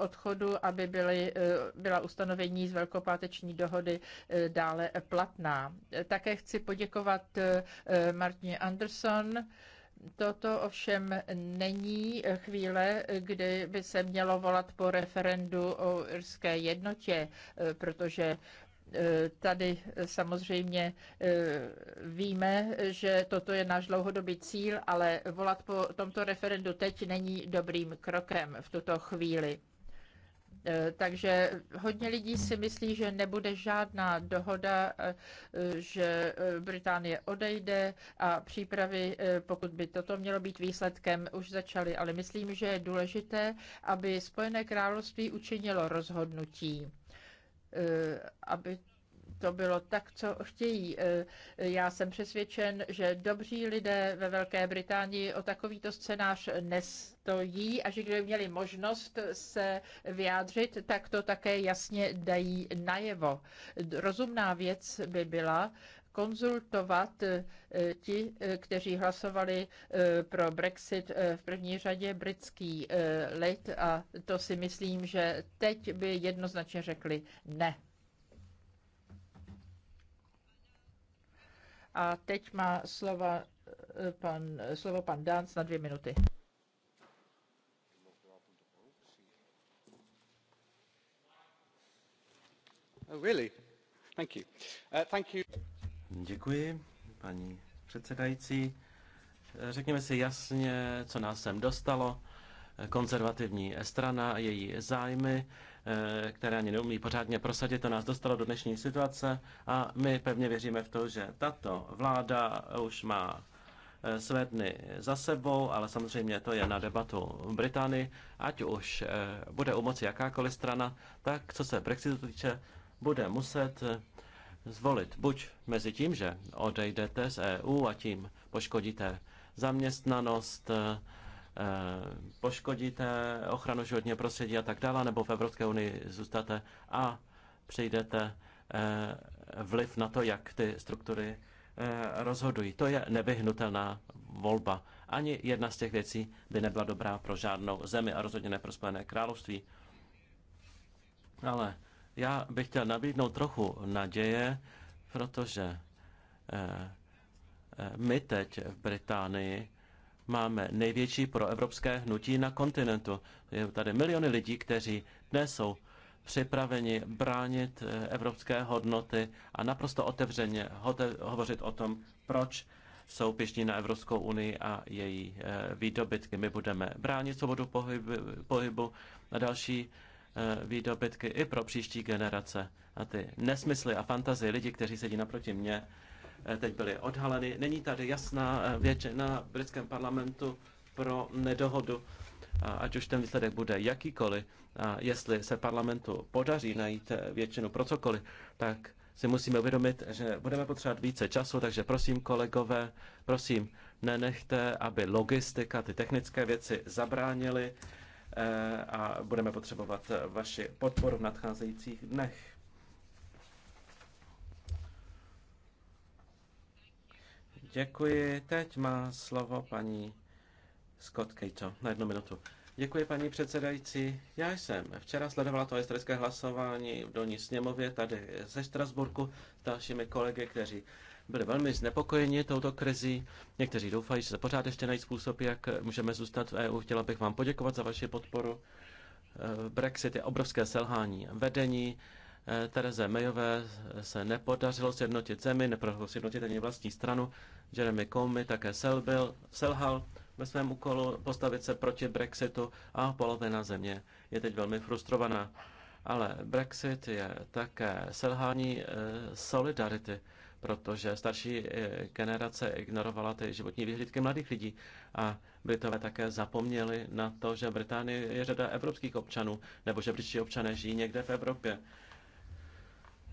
odchodu, aby byly, byla ustanovení z velkopáteční dohody dále platná. Také chci poděkovat Martině Anderson, Toto ovšem není chvíle, kdy by se mělo volat po referendu o irské jednotě, protože eh, Tady samozřejmě eh, víme, že toto je náš dlouhodobý cíl, ale volat po tomto referendu teď není dobrým krokem v tuto chvíli. Eh, takže hodně lidí si myslí, že nebude žádná dohoda, eh, že eh, Británie odejde a přípravy, pokud by toto mělo být výsledkem, už začaly. Ale myslím, že je důležité, aby Spojené království učinilo rozhodnutí, aby to bylo tak, co chtějí. E, já jsem přesvědčen, že dobří lidé ve Velké Británii o takovýto scénář nestojí a že kdyby měli možnost se vyjádřit, tak to také jasně dají najevo. Rozumná věc by byla, konzultovat e, ti, e, kteří hlasovali pro Brexit v první řadě britský lid a to si myslím, že teď by jednoznačně řekli ne. A teď má slova eh, pan, slovo pan Dánc na dvě minuty. Oh, really? Thank you. Uh, thank you. Děkuji, paní předsedající. Eh, řekněme si jasně, co nás sem dostalo. Eh, konzervativní strana a její zájmy. Eh, které ani neumí pořádně prosadit, to nás dostalo do dnešní situace a my pevně věříme v to, že tato vláda už má eh, své dny za sebou, ale samozřejmě to je na debatu v Británii. Ať už eh, bude u moci jakákoliv strana, tak co se Brexitu týče, bude muset zvolit buď mezi tím, že odejdete z EU a tím poškodíte zaměstnanost, Eh, poškodíte eh, ochranu životního prostředí a tak dále, nebo v Evropské unii zůstáte a přejdete eh, vliv na to, jak ty struktury rozhodují. To je nevyhnutelná volba. Ani jedna z těch věcí by nebyla dobrá pro žádnou zemi a rozhodně ne pro Spojené království. Ale já bych chtěl nabídnout trochu naděje, protože my teď v Británii máme největší proevropské hnutí na kontinentu. Je tady miliony lidí, kteří dnes jsou připraveni bránit eh, evropské hodnoty a naprosto otevřeně hovořit o tom, proč jsou pišní na Evropskou unii a její eh, výdobytky. My budeme bránit svobodu pohybu, pohybu a další eh, výdobytky i pro příští generace. A ty nesmysly a fantazie lidí, kteří sedí naproti mně, Eh, teď byly odhaleny. Není tady jasná eh, většina v britském parlamentu pro nedohodu, ať už ten výsledek bude jakýkoliv, a jestli se parlamentu podaří najít eh, většinu pro cokoliv, tak si musíme uvědomit, že budeme potřebovat více času, takže prosím kolegové, prosím, nenechte, aby logistika, ty technické věci zabránily a budeme potřebovat vaši podporu v nadcházejících dnech. Děkuji. Teď má slovo paní Scott Kejto. na jednu minutu. Děkuji, paní předsedající. Já jsem včera sledovala to historické hlasování v Dolní sněmově tady ze Štrasburku s dalšími kolegy, kteří byli velmi znepokojeni touto krizí. Někteří doufají, že se pořád ještě najít způsob, jak můžeme zůstat v EU. Chtěla bych vám poděkovat za vaši podporu. Eh, Brexit je obrovské selhání vedení Eh, Tereze Mayové se nepodařilo sjednotit zemi, nepodařilo sjednotit ani vlastní stranu. Jeremy Comey také selbil, selhal ve svém úkolu postavit se proti Brexitu a polovina země je teď velmi frustrovaná. Ale Brexit je také selhání eh, solidarity, protože starší eh, generace ignorovala ty životní vyhlídky mladých lidí a Britové také zapomněli na to, že Británie je řada evropských občanů nebo že britští občané žijí někde v Evropě.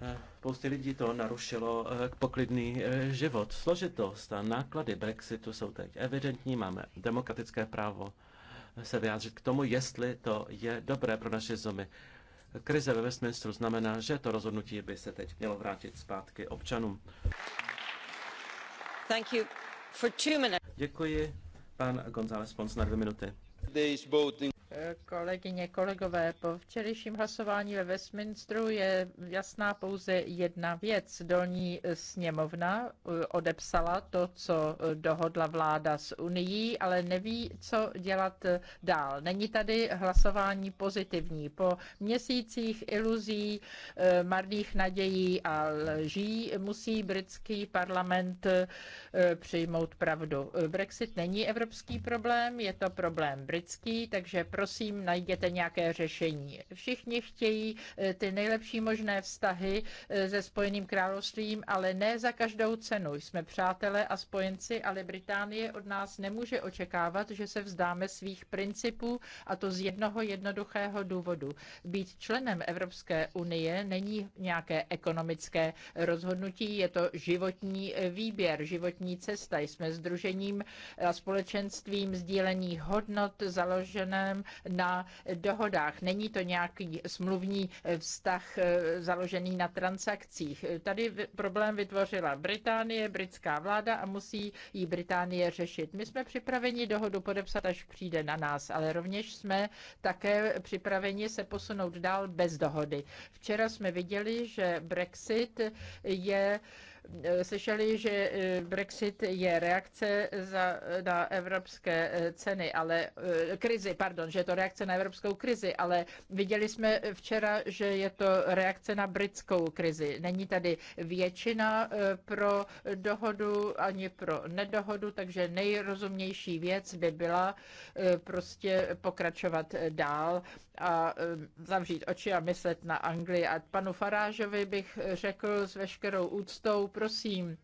Eh, spousty lidí to narušilo eh, poklidný eh, život. Složitost a náklady Brexitu jsou teď evidentní, máme demokratické právo se vyjádřit k tomu, jestli to je dobré pro naše zemi. Krize ve Westminsteru znamená, že to rozhodnutí by se teď mělo vrátit zpátky občanům. Thank you. For two minutes. Děkuji. Pan González Pons na dvě minuty kolegyně, kolegové, po včerejším hlasování ve Westminsteru je jasná pouze jedna věc. Dolní sněmovna uh, odepsala to, co uh, dohodla vláda s Unií, ale neví, co dělat uh, dál. Není tady hlasování pozitivní. Po měsících iluzí, marných nadějí a lží musí britský parlament přijmout pravdu. Brexit není evropský problém, je to problém britský, takže pro prosím, najděte nějaké řešení. Všichni chtějí eh, ty nejlepší možné vztahy eh, se Spojeným královstvím, ale ne za každou cenu. Jsme přátelé a spojenci, ale Británie od nás nemůže očekávat, že se vzdáme svých principů a to z jednoho jednoduchého důvodu. Být členem Evropské unie není nějaké ekonomické rozhodnutí, je to životní eh, výběr, životní cesta. Jsme združením a společenstvím sdílení hodnot založeném na dohodách. Není to nějaký smluvní vztah eh, založený na transakcích. Tady problém vytvořila Británie, britská vláda a musí ji Británie řešit. My jsme připraveni dohodu podepsat, až přijde na nás, ale rovněž jsme také připraveni se posunout dál bez dohody. Včera jsme viděli, že Brexit je Eh, slyšeli, že eh, Brexit je reakce za, na evropské eh, ceny, ale krizi, pardon, že je to reakce na evropskou krizi, ale viděli jsme včera, že je to reakce na britskou krizi. Není tady většina pro dohodu ani pro nedohodu, takže nejrozumnější věc by byla prostě pokračovat dál a zavřít oči a myslet na Anglii. A panu Farážovi bych řekl s veškerou úctou, prosím,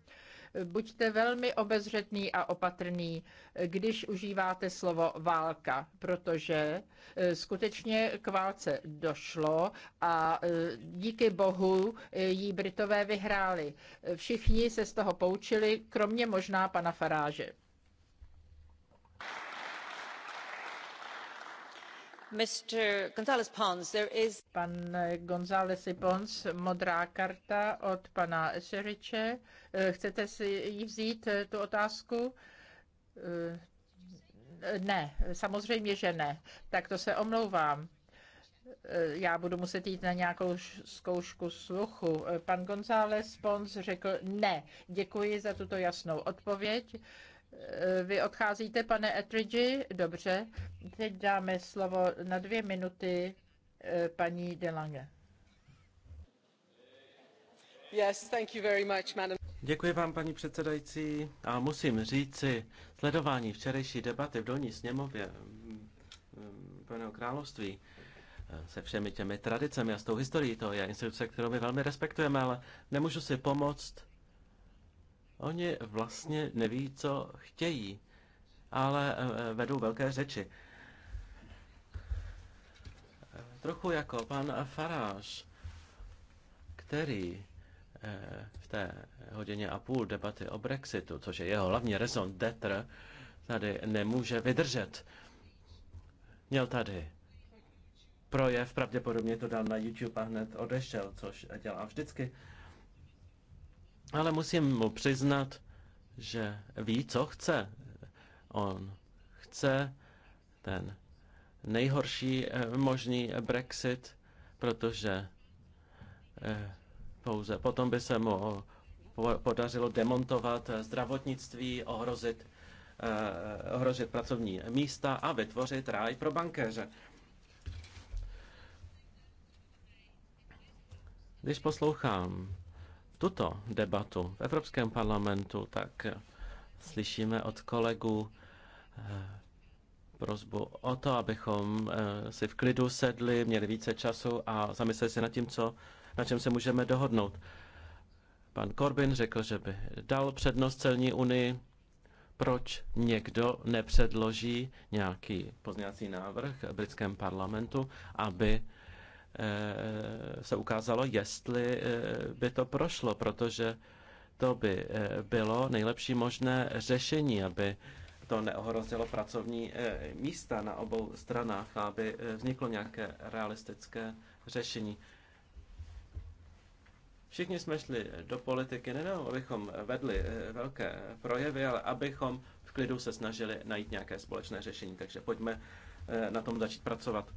buďte velmi obezřetný a opatrný, když užíváte slovo válka, protože eh, skutečně k válce došlo a eh, díky bohu eh, jí Britové vyhráli. Všichni se z toho poučili, kromě možná pana Faráže. González Pons, there is... Pan González Pons, modrá karta od pana Šeriče. Eh, chcete si ji vzít, eh, tu otázku? Eh, ne, samozřejmě, že ne. Tak to se omlouvám. Já budu muset jít na nějakou zkoušku sluchu. Pan González Pons řekl ne. Děkuji za tuto jasnou odpověď. Vy odcházíte, pane Etridži? Dobře. Teď dáme slovo na dvě minuty eh, paní Delange. Yes, thank you very much, madam. Děkuji vám, paní předsedající. A musím říci, sledování včerejší debaty v Dolní sněmově mm, mm, Spojeného království eh, se všemi těmi tradicemi a s tou historií, to je instituce, kterou my velmi respektujeme, ale nemůžu si pomoct Oni vlastně neví, co chtějí, ale eh, vedou velké řeči. Trochu jako pan Faráš, který eh, v té hodině a půl debaty o Brexitu, což je jeho hlavní rezon detr, tady nemůže vydržet. Měl tady projev, pravděpodobně to dal na YouTube a hned odešel, což dělá vždycky ale musím mu přiznat, že ví, co chce. On chce ten nejhorší eh, možný Brexit, protože eh, pouze potom by se mu podařilo demontovat eh, zdravotnictví, ohrozit, ohrozit pracovní místa a vytvořit ráj pro bankéře. Když poslouchám tuto debatu v Evropském parlamentu, tak slyšíme od kolegů eh, prozbu o to, abychom eh, si v klidu sedli, měli více času a zamysleli se nad tím, co, na čem se můžeme dohodnout. Pan Corbyn řekl, že by dal přednost celní unii. Proč někdo nepředloží nějaký pozněcí návrh v britském parlamentu, aby se ukázalo, jestli eh, by to prošlo, protože to by eh, bylo nejlepší možné řešení, aby to neohrozilo pracovní eh, místa na obou stranách a aby vzniklo nějaké realistické řešení. Všichni jsme šli do politiky nejenom, abychom vedli velké projevy, ale abychom v klidu se snažili najít nějaké společné řešení. Takže pojďme na tom začít pracovat.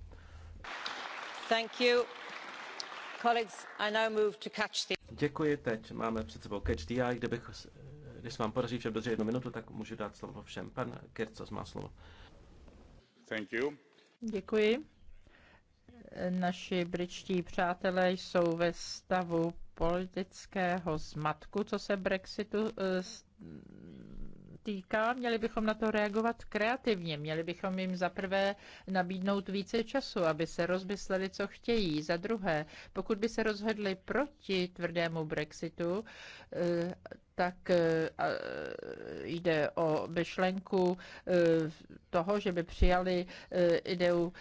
Děkuji, teď máme před sebou catch the eye, kdybych, když se vám podaří všem dodržet jednu minutu, tak můžu dát slovo všem. Pan Kircos má slovo. Thank you. Děkuji. Naši britští přátelé jsou ve stavu politického zmatku, co se Brexitu eh, týká, měli bychom na to reagovat kreativně. Měli bychom jim za prvé nabídnout více času, aby se rozmysleli, co chtějí. Za druhé, pokud by se rozhodli proti tvrdému Brexitu, eh, tak eh, eh, jde o myšlenku toho, že by přijali ideu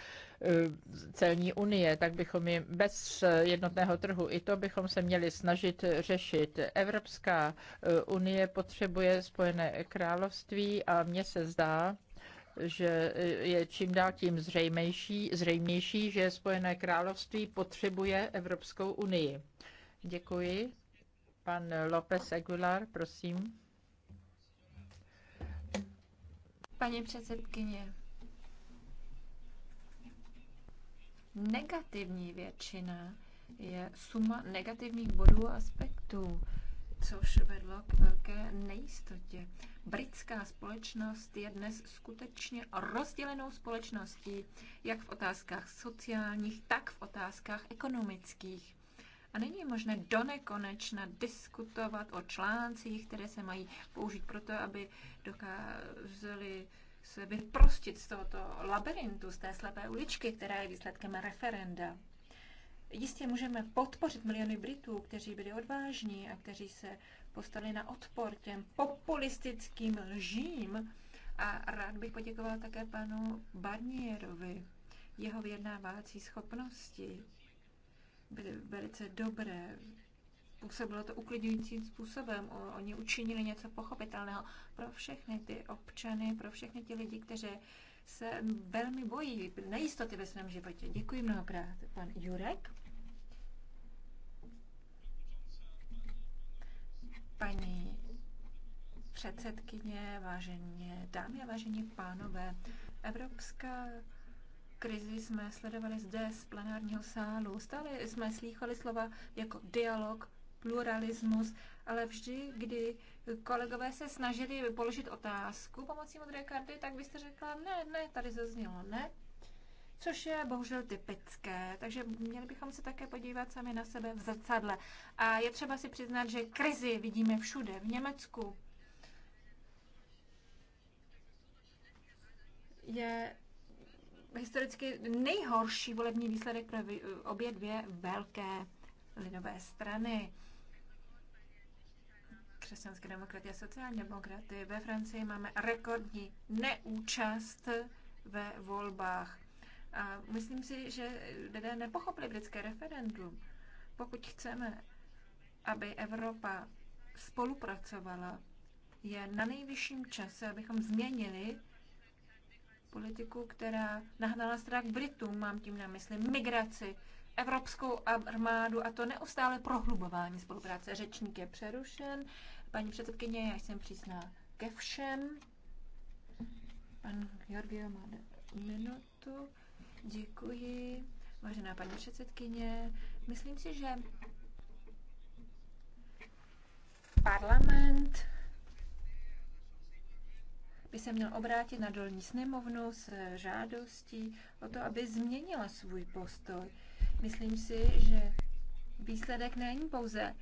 Eh, celní unie, tak bychom je bez eh, jednotného trhu, i to bychom se měli snažit řešit. Evropská eh, unie potřebuje Spojené království a mně se zdá, že je čím dál tím zřejmější, zřejmější, že Spojené království potřebuje Evropskou unii. Děkuji. Pan López Aguilar, prosím. Paní předsedkyně, negativní většina je suma negativních bodů a aspektů, což vedlo k velké nejistotě. Britská společnost je dnes skutečně rozdělenou společností, jak v otázkách sociálních, tak v otázkách ekonomických. A není možné donekonečna diskutovat o článcích, které se mají použít proto, aby dokázali se vyprostit z tohoto labirintu, z té slepé uličky, která je výsledkem referenda. Jistě můžeme podpořit miliony Britů, kteří byli odvážní a kteří se postali na odpor těm populistickým lžím. A rád bych poděkoval také panu Barnierovi. Jeho vyjednávací schopnosti byly velice dobré působilo to uklidňujícím způsobem. Oni učinili něco pochopitelného pro všechny ty občany, pro všechny ty lidi, kteří se velmi bojí nejistoty ve svém životě. Děkuji mnohokrát, pan Jurek. Paní předsedkyně, vážení dámy a vážení pánové, Evropská krizi jsme sledovali zde z plenárního sálu. Stále jsme slýchali slova jako dialog, pluralismus, ale vždy, kdy kolegové se snažili položit otázku pomocí modré karty, tak byste řekla, ne, ne, tady zaznělo ne, což je bohužel typické. Takže měli bychom se také podívat sami na sebe v zrcadle. A je třeba si přiznat, že krizi vidíme všude, v Německu. Je historicky nejhorší volební výsledek pro obě dvě velké lidové strany křesťanské demokraty a sociální demokraty. Ve Francii máme rekordní neúčast ve volbách. A myslím si, že lidé nepochopili britské referendum. Pokud chceme, aby Evropa spolupracovala, je na nejvyšším čase, abychom změnili politiku, která nahnala strach Britům, mám tím na mysli migraci, evropskou armádu a to neustále prohlubování spolupráce. Řečník je přerušen. Paní předsedkyně, já jsem přísná ke všem. Pan Georgio má minutu. Děkuji. Vážená paní předsedkyně, myslím si, že parlament by se měl obrátit na dolní sněmovnu s žádostí o to, aby změnila svůj postoj. Myslím si, že výsledek není pouze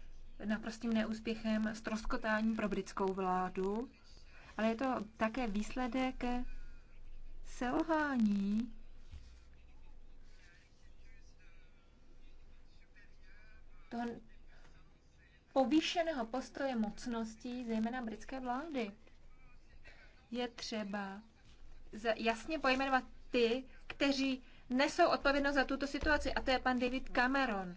naprostým neúspěchem, troskotáním pro britskou vládu, ale je to také výsledek selhání toho povýšeného postoje mocností, zejména britské vlády. Je třeba jasně pojmenovat ty, kteří nesou odpovědnost za tuto situaci, a to je pan David Cameron.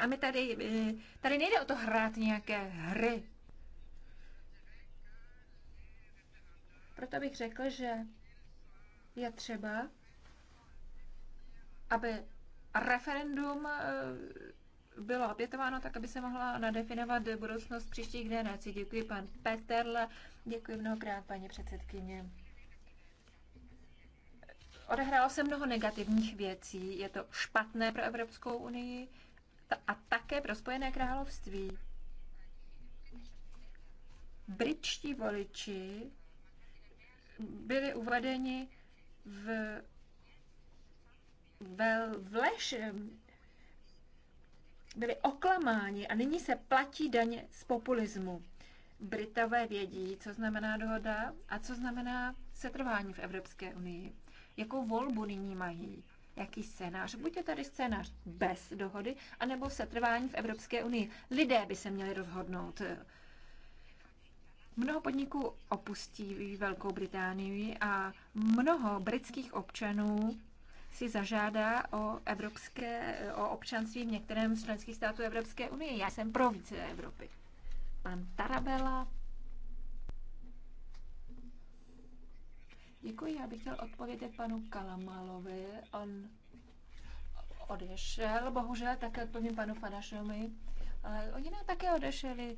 A my tady, eh, tady nejde o to hrát nějaké hry. Proto bych řekl, že je třeba, aby referendum eh, bylo opětováno, tak, aby se mohla nadefinovat budoucnost příštích generací. Děkuji pan Peterle, děkuji mnohokrát paní předsedkyně. Odehrálo se mnoho negativních věcí. Je to špatné pro Evropskou unii, a také pro Spojené království. Britští voliči byli uvedeni v, v, v lež, byli oklamáni a nyní se platí daně z populismu. Britové vědí, co znamená dohoda a co znamená setrvání v Evropské unii. Jakou volbu nyní mají? jaký scénář. Buď je tady scénář bez dohody, anebo v setrvání v Evropské unii. Lidé by se měli rozhodnout. Mnoho podniků opustí Velkou Británii a mnoho britských občanů si zažádá o, evropské, o občanství v některém z členských států Evropské unie. Já jsem pro více Evropy. Pan Tarabela, Děkuji, já bych chtěl odpovědět panu Kalamalovi. On odešel, bohužel také odpovím panu Fanašovi, ale oni nám také odešeli.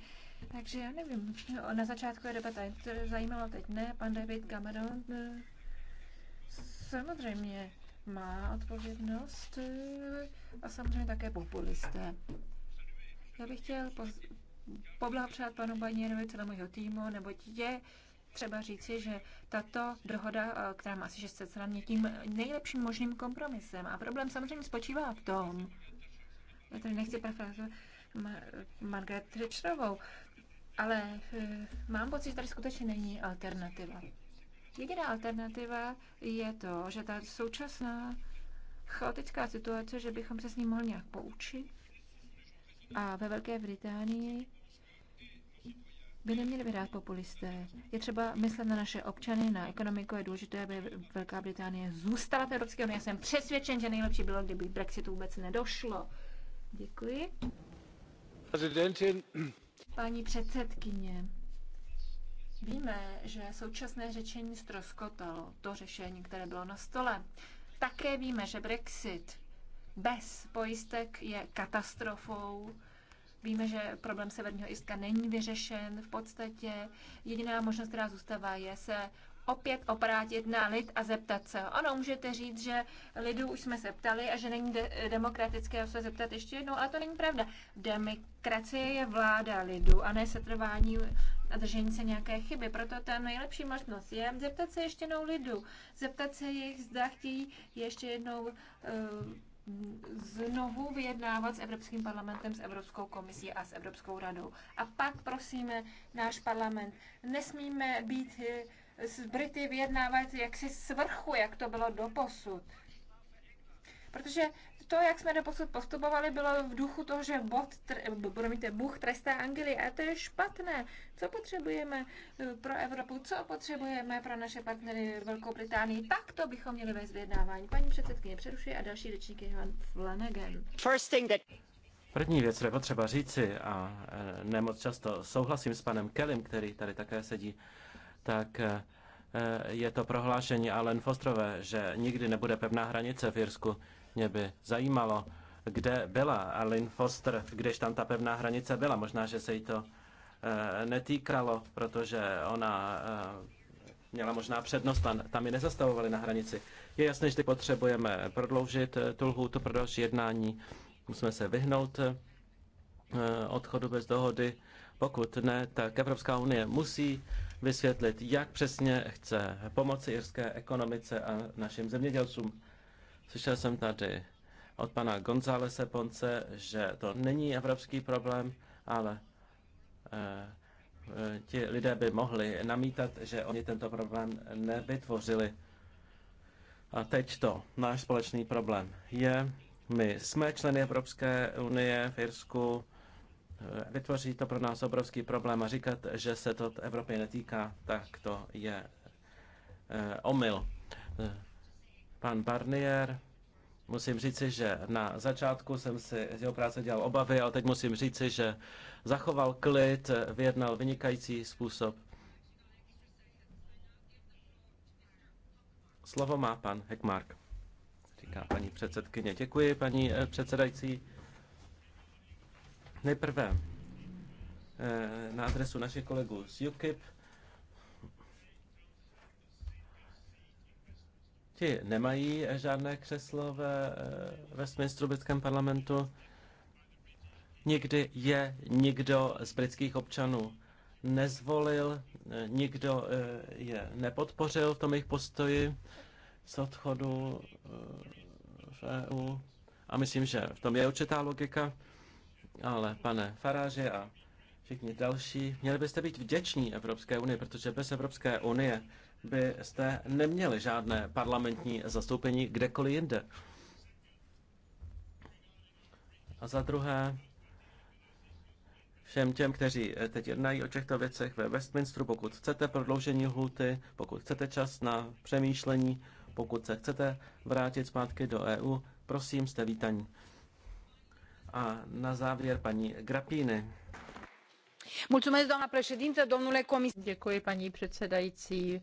Takže já nevím, na začátku je debata, to zajímalo teď ne, pan David Cameron eh, samozřejmě má odpovědnost eh, a samozřejmě také populisté. Já bych chtěl poz- poblahopřát panu Banierovi, celému jeho týmu, nebo je třeba říci, že tato dohoda, eh, která má asi 600 stran, je tím nejlepším možným kompromisem. A problém samozřejmě spočívá v tom, já tady nechci parafrázovat Margaret Thatcherovou, ale eh, mám pocit, že tady skutečně není alternativa. Jediná alternativa je to, že ta současná chaotická situace, že bychom se s ní mohli nějak poučit. A ve Velké Británii by neměli vyhrát populisté. Je třeba myslet na naše občany, na ekonomiku. Je důležité, aby Velká Británie zůstala v Evropské unii. Já jsem přesvědčen, že nejlepší bylo, kdyby Brexitu vůbec nedošlo. Děkuji. Prezidentin. Paní předsedkyně, víme, že současné řečení stroskotalo to řešení, které bylo na stole. Také víme, že Brexit bez pojistek je katastrofou, Víme, že problém Severního Iska není vyřešen. V podstatě jediná možnost, která zůstává, je se opět oprátit na lid a zeptat se. Ano, můžete říct, že lidu už jsme se ptali a že není de- demokratické se zeptat ještě jednou, ale to není pravda. Demokracie je vláda lidu a ne setrvání a držení se nějaké chyby. Proto ta nejlepší možnost je zeptat se ještě jednou lidu, zeptat se jich, zda chtějí ještě jednou uh, znovu vyjednávat s Evropským parlamentem, s Evropskou komisí a s Evropskou radou. A pak prosíme náš parlament, nesmíme být eh, s Brity vyjednávat jaksi svrchu, jak to bylo doposud. Protože to, jak jsme doposud postupovali, bylo v duchu toho, že bod, tr- promiňte, Bůh trestá Angely a to je špatné. Co potřebujeme eh, pro Evropu, co potřebujeme pro naše partnery Velkou Británii, tak to bychom měli ve vyjednávání. Paní předsedkyně přerušuje a další řečník je Ivan Flanagan. First thing that... První věc, kterou potřeba říci, a eh, nemoc často souhlasím s panem Kellym, který tady také sedí, tak eh, je to prohlášení Alen Fostrové, že nikdy nebude pevná hranice v Jirsku. Mě by zajímalo, kde byla Aline Foster, když tam ta pevná hranice byla. Možná, že se jí to eh, netýkalo, protože ona eh, měla možná přednost, tam ji nezastavovali na hranici. Je jasné, že potřebujeme prodloužit eh, tu lhůtu pro další jednání. Musíme se vyhnout odchodu bez dohody. Pokud ne, tak Evropská unie musí vysvětlit, jak přesně chce pomoci irské ekonomice a našim zemědělcům. Slyšel jsem tady od pana Gonzálese Ponce, že to není evropský problém, ale e, ti lidé by mohli namítat, že oni tento problém nevytvořili. A teď to, náš společný problém je, my jsme členy Evropské unie v Irsku, eh, vytvoří to pro nás obrovský problém a říkat, že se to Evropě netýká, tak to je e, omyl pan Barnier. Musím říci, že na začátku jsem si z jeho práce dělal obavy, ale teď musím říci, že zachoval klid, vyjednal vynikající způsob. Slovo má pan Hekmark, říká paní předsedkyně. Děkuji, paní eh, předsedající. Nejprve eh, na adresu našich kolegů z UKIP. Ti nemají žádné křeslo eh, ve Westminsteru britském parlamentu. Nikdy je nikdo z britských občanů nezvolil, eh, nikdo eh, je nepodpořil v tom jejich postoji z odchodu v EU. A myslím, že v tom je určitá logika, ale pane Faráže a všichni další, měli byste být vděční Evropské unii, protože bez Evropské unie byste neměli žádné parlamentní zastoupení kdekoliv jinde. A za druhé, všem těm, kteří eh, teď jednají o těchto věcech ve Westminsteru, pokud chcete prodloužení hluty, pokud chcete čas na přemýšlení, pokud se chcete vrátit zpátky do EU, prosím, jste vítaní. A na závěr paní Grapíny. Děkuji, paní předsedající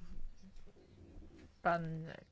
pan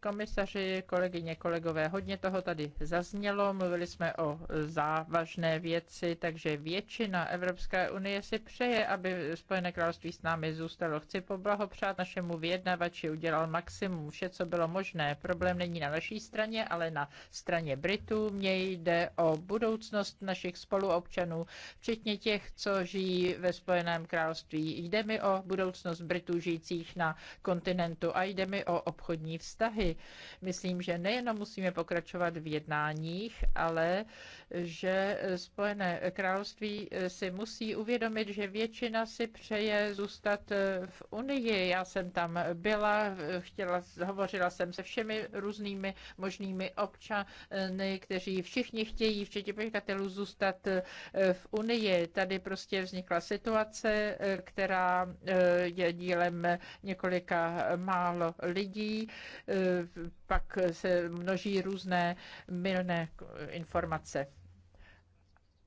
komisaři, kolegyně, kolegové, hodně toho tady zaznělo. Mluvili jsme o závažné věci, takže většina Evropské unie si přeje, aby Spojené království s námi zůstalo. Chci poblahopřát našemu vyjednavači, udělal maximum vše, co bylo možné. Problém není na naší straně, ale na straně Britů. Mně jde o budoucnost našich spoluobčanů, včetně těch, co žijí ve Spojeném království. Jde mi o budoucnost Britů žijících na kontinentu a jde mi o obchod obchodní vztahy. Myslím, že nejenom musíme pokračovat v jednáních, ale že Spojené království si musí uvědomit, že většina si přeje zůstat v Unii. Já jsem tam byla, chtěla, hovořila jsem se všemi různými možnými občany, kteří všichni chtějí, včetně podnikatelů, zůstat v Unii. Tady prostě vznikla situace, která je dílem několika málo lidí, Eh, pak se množí různé milné informace.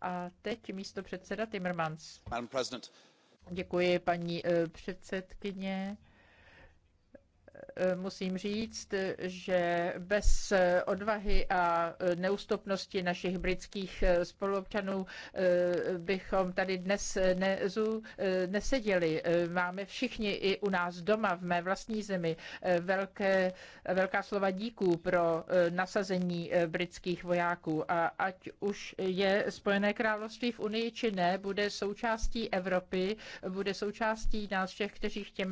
A teď místo předseda Timmermans. Děkuji, paní eh, předsedkyně. Eh, musím říct, že bez odvahy a eh, neustupnosti našich britských eh, spoluobčanů bychom tady dnes nezu, neseděli. Máme všichni i u nás doma, v mé vlastní zemi, velké, velká slova díků pro nasazení britských vojáků. A ať už je Spojené království v Unii či ne, bude součástí Evropy, bude součástí nás všech, kteří chtějí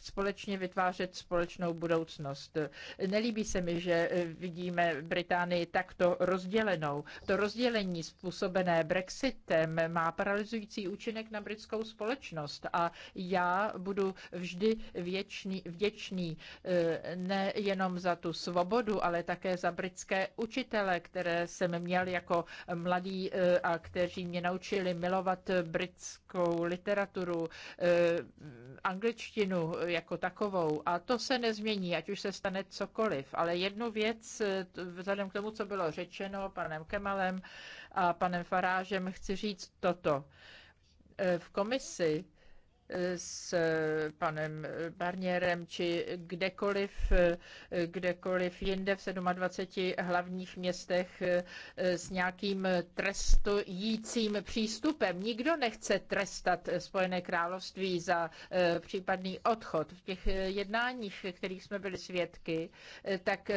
společně vytvářet společnost společnou budoucnost. Nelíbí se mi, že vidíme Británii takto rozdělenou. To rozdělení způsobené Brexitem má paralyzující účinek na britskou společnost a já budu vždy věčný, vděčný eh, nejenom za tu svobodu, ale také za britské učitele, které jsem měl jako mladý eh, a kteří mě naučili milovat britské českou literaturu, eh, angličtinu jako takovou. A to se nezmění, ať už se stane cokoliv. Ale jednu věc, eh, vzhledem k tomu, co bylo řečeno panem Kemalem a panem Farážem, chci říct toto. Eh, v komisi s eh, panem eh, Barnierem či kdekoliv, eh, kdekoliv jinde v 27 hlavních městech s nějakým trestujícím přístupem. Nikdo nechce trestat Spojené království za případný odchod. V těch jednáních, kterých jsme byli svědky, tak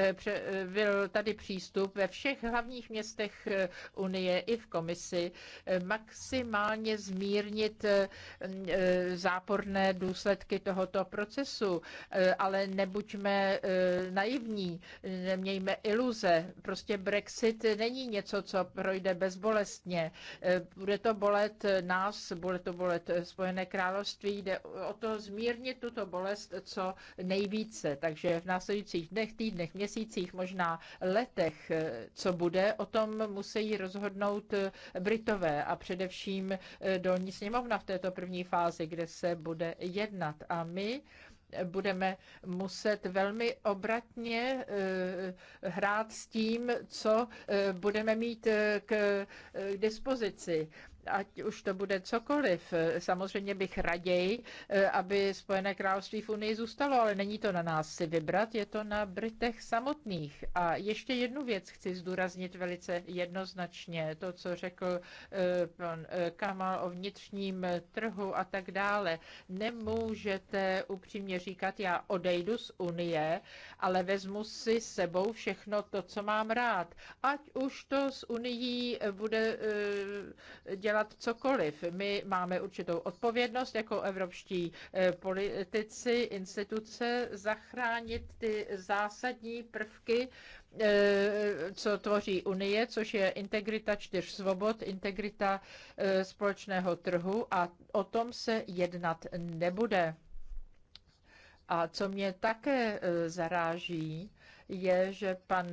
byl tady přístup ve všech hlavních městech Unie i v komisi maximálně zmírnit záporné důsledky tohoto procesu, eh, ale nebuďme eh, naivní, nemějme iluze. Prostě Brexit není něco, co projde bezbolestně. Eh, bude to bolet nás, bude to bolet Spojené království, jde o to zmírnit tuto bolest co nejvíce. Takže v následujících dnech, týdnech, měsících, možná letech, co bude, o tom musí rozhodnout Britové a především dolní sněmovna v této první fázi, kde se bude jednat. A my budeme muset velmi obratně eh, hrát s tím, co eh, budeme mít eh, k dispozici ať už to bude cokoliv. Samozřejmě bych raději, eh, aby Spojené království v Unii zůstalo, ale není to na nás si vybrat, je to na Britech samotných. A ještě jednu věc chci zdůraznit velice jednoznačně, to, co řekl eh, pan eh, Kamal o vnitřním trhu a tak dále. Nemůžete upřímně říkat, já odejdu z Unie, ale vezmu si sebou všechno to, co mám rád. Ať už to s Unií bude dělat dělat cokoliv. My máme určitou odpovědnost jako evropští eh, politici, instituce zachránit ty zásadní prvky, eh, co tvoří Unie, což je integrita čtyř svobod, integrita eh, společného trhu a o tom se jednat nebude. A co mě také zaráží, je, že pan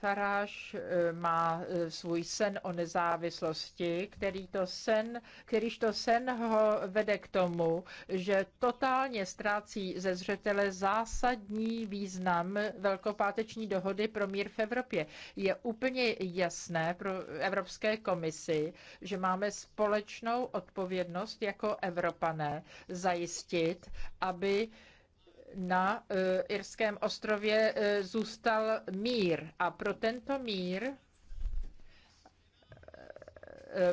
Faráš eh, má eh, svůj sen o nezávislosti, který to sen, kterýž to sen ho vede k tomu, že totálně ztrácí ze zřetele zásadní význam velkopáteční dohody pro mír v Evropě. Je úplně jasné pro Evropské komisi, že máme společnou odpovědnost jako Evropané zajistit, aby na eh, Irském ostrově eh, zůstal mír a pro tento mír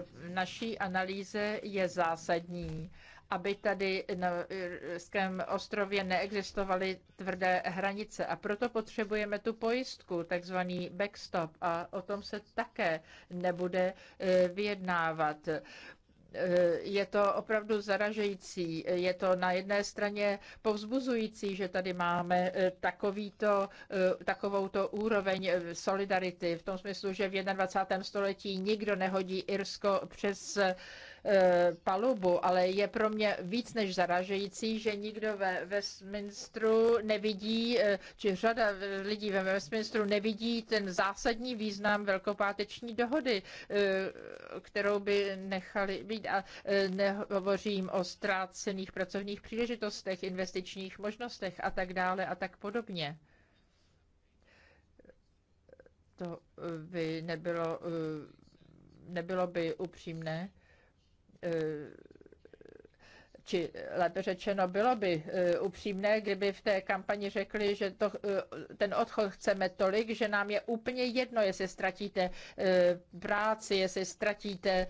v eh, naší analýze je zásadní, aby tady na Irském ostrově neexistovaly tvrdé hranice. A proto potřebujeme tu pojistku, takzvaný backstop. A o tom se také nebude vyjednávat. Eh, je to opravdu zaražející. Je to na jedné straně povzbuzující, že tady máme eh, takovýto, eh, takovouto úroveň solidarity v tom smyslu, že v 21. století nikdo nehodí Irsko přes Eh, palubu, ale je pro mě víc než zaražející, že nikdo ve Westminsteru nevidí, eh, či řada lidí ve Westminsteru nevidí ten zásadní význam velkopáteční dohody, eh, kterou by nechali být. A nehovořím o ztrácených pracovních příležitostech, investičních možnostech a tak dále a tak podobně to by nebylo, nebylo by upřímné, Eh, či lépe řečeno, bylo by eh, upřímné, kdyby v té kampani řekli, že to, eh, ten odchod chceme tolik, že nám je úplně jedno, jestli ztratíte práci, jestli ztratíte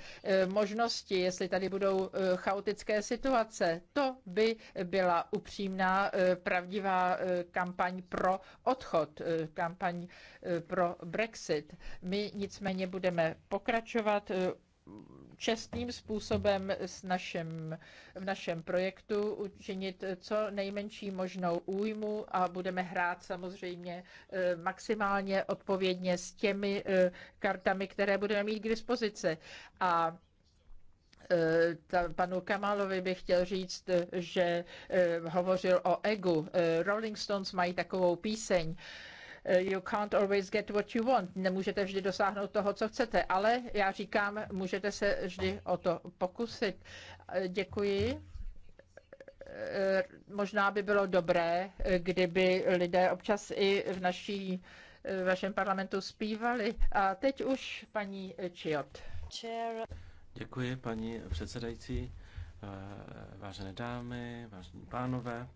možnosti, jestli tady budou chaotické situace. To by byla upřímná, pravdivá kampaň pro odchod, kampaň pro Brexit. My nicméně budeme pokračovat čestným způsobem s našem, v našem projektu učinit co nejmenší možnou újmu a budeme hrát samozřejmě eh, maximálně odpovědně s těmi eh, kartami, které budeme mít k dispozici. A eh, panu Kamalovi bych chtěl říct, že hovořil o egu. Rolling Stones mají takovou píseň. Eh, you can't always get what you want. Nemůžete vždy dosáhnout toho, co chcete, ale já říkám, můžete se vždy o to pokusit. Eh, děkuji eh, možná by bylo dobré, kdyby lidé občas i v naší v vašem parlamentu zpívali. A teď už paní Čiot. Děkuji, paní předsedající, vážené dámy, vážení pánové.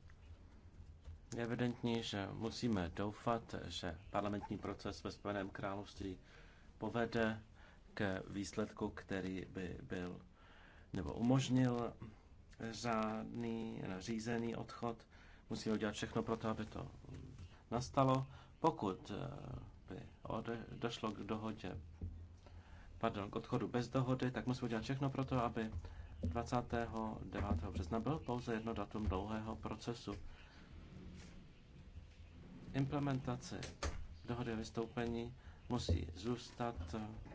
Je evidentní, že musíme doufat, že parlamentní proces ve Spojeném království povede k výsledku, který by byl nebo umožnil řádný, řízený odchod. Musíme udělat všechno pro to, aby to nastalo. Pokud eh, by došlo k dohodě, pardon, k odchodu bez dohody, tak musíme udělat všechno pro to, aby 29. března byl pouze jedno datum dlouhého procesu Implementace dohody o vystoupení musí zůstat eh,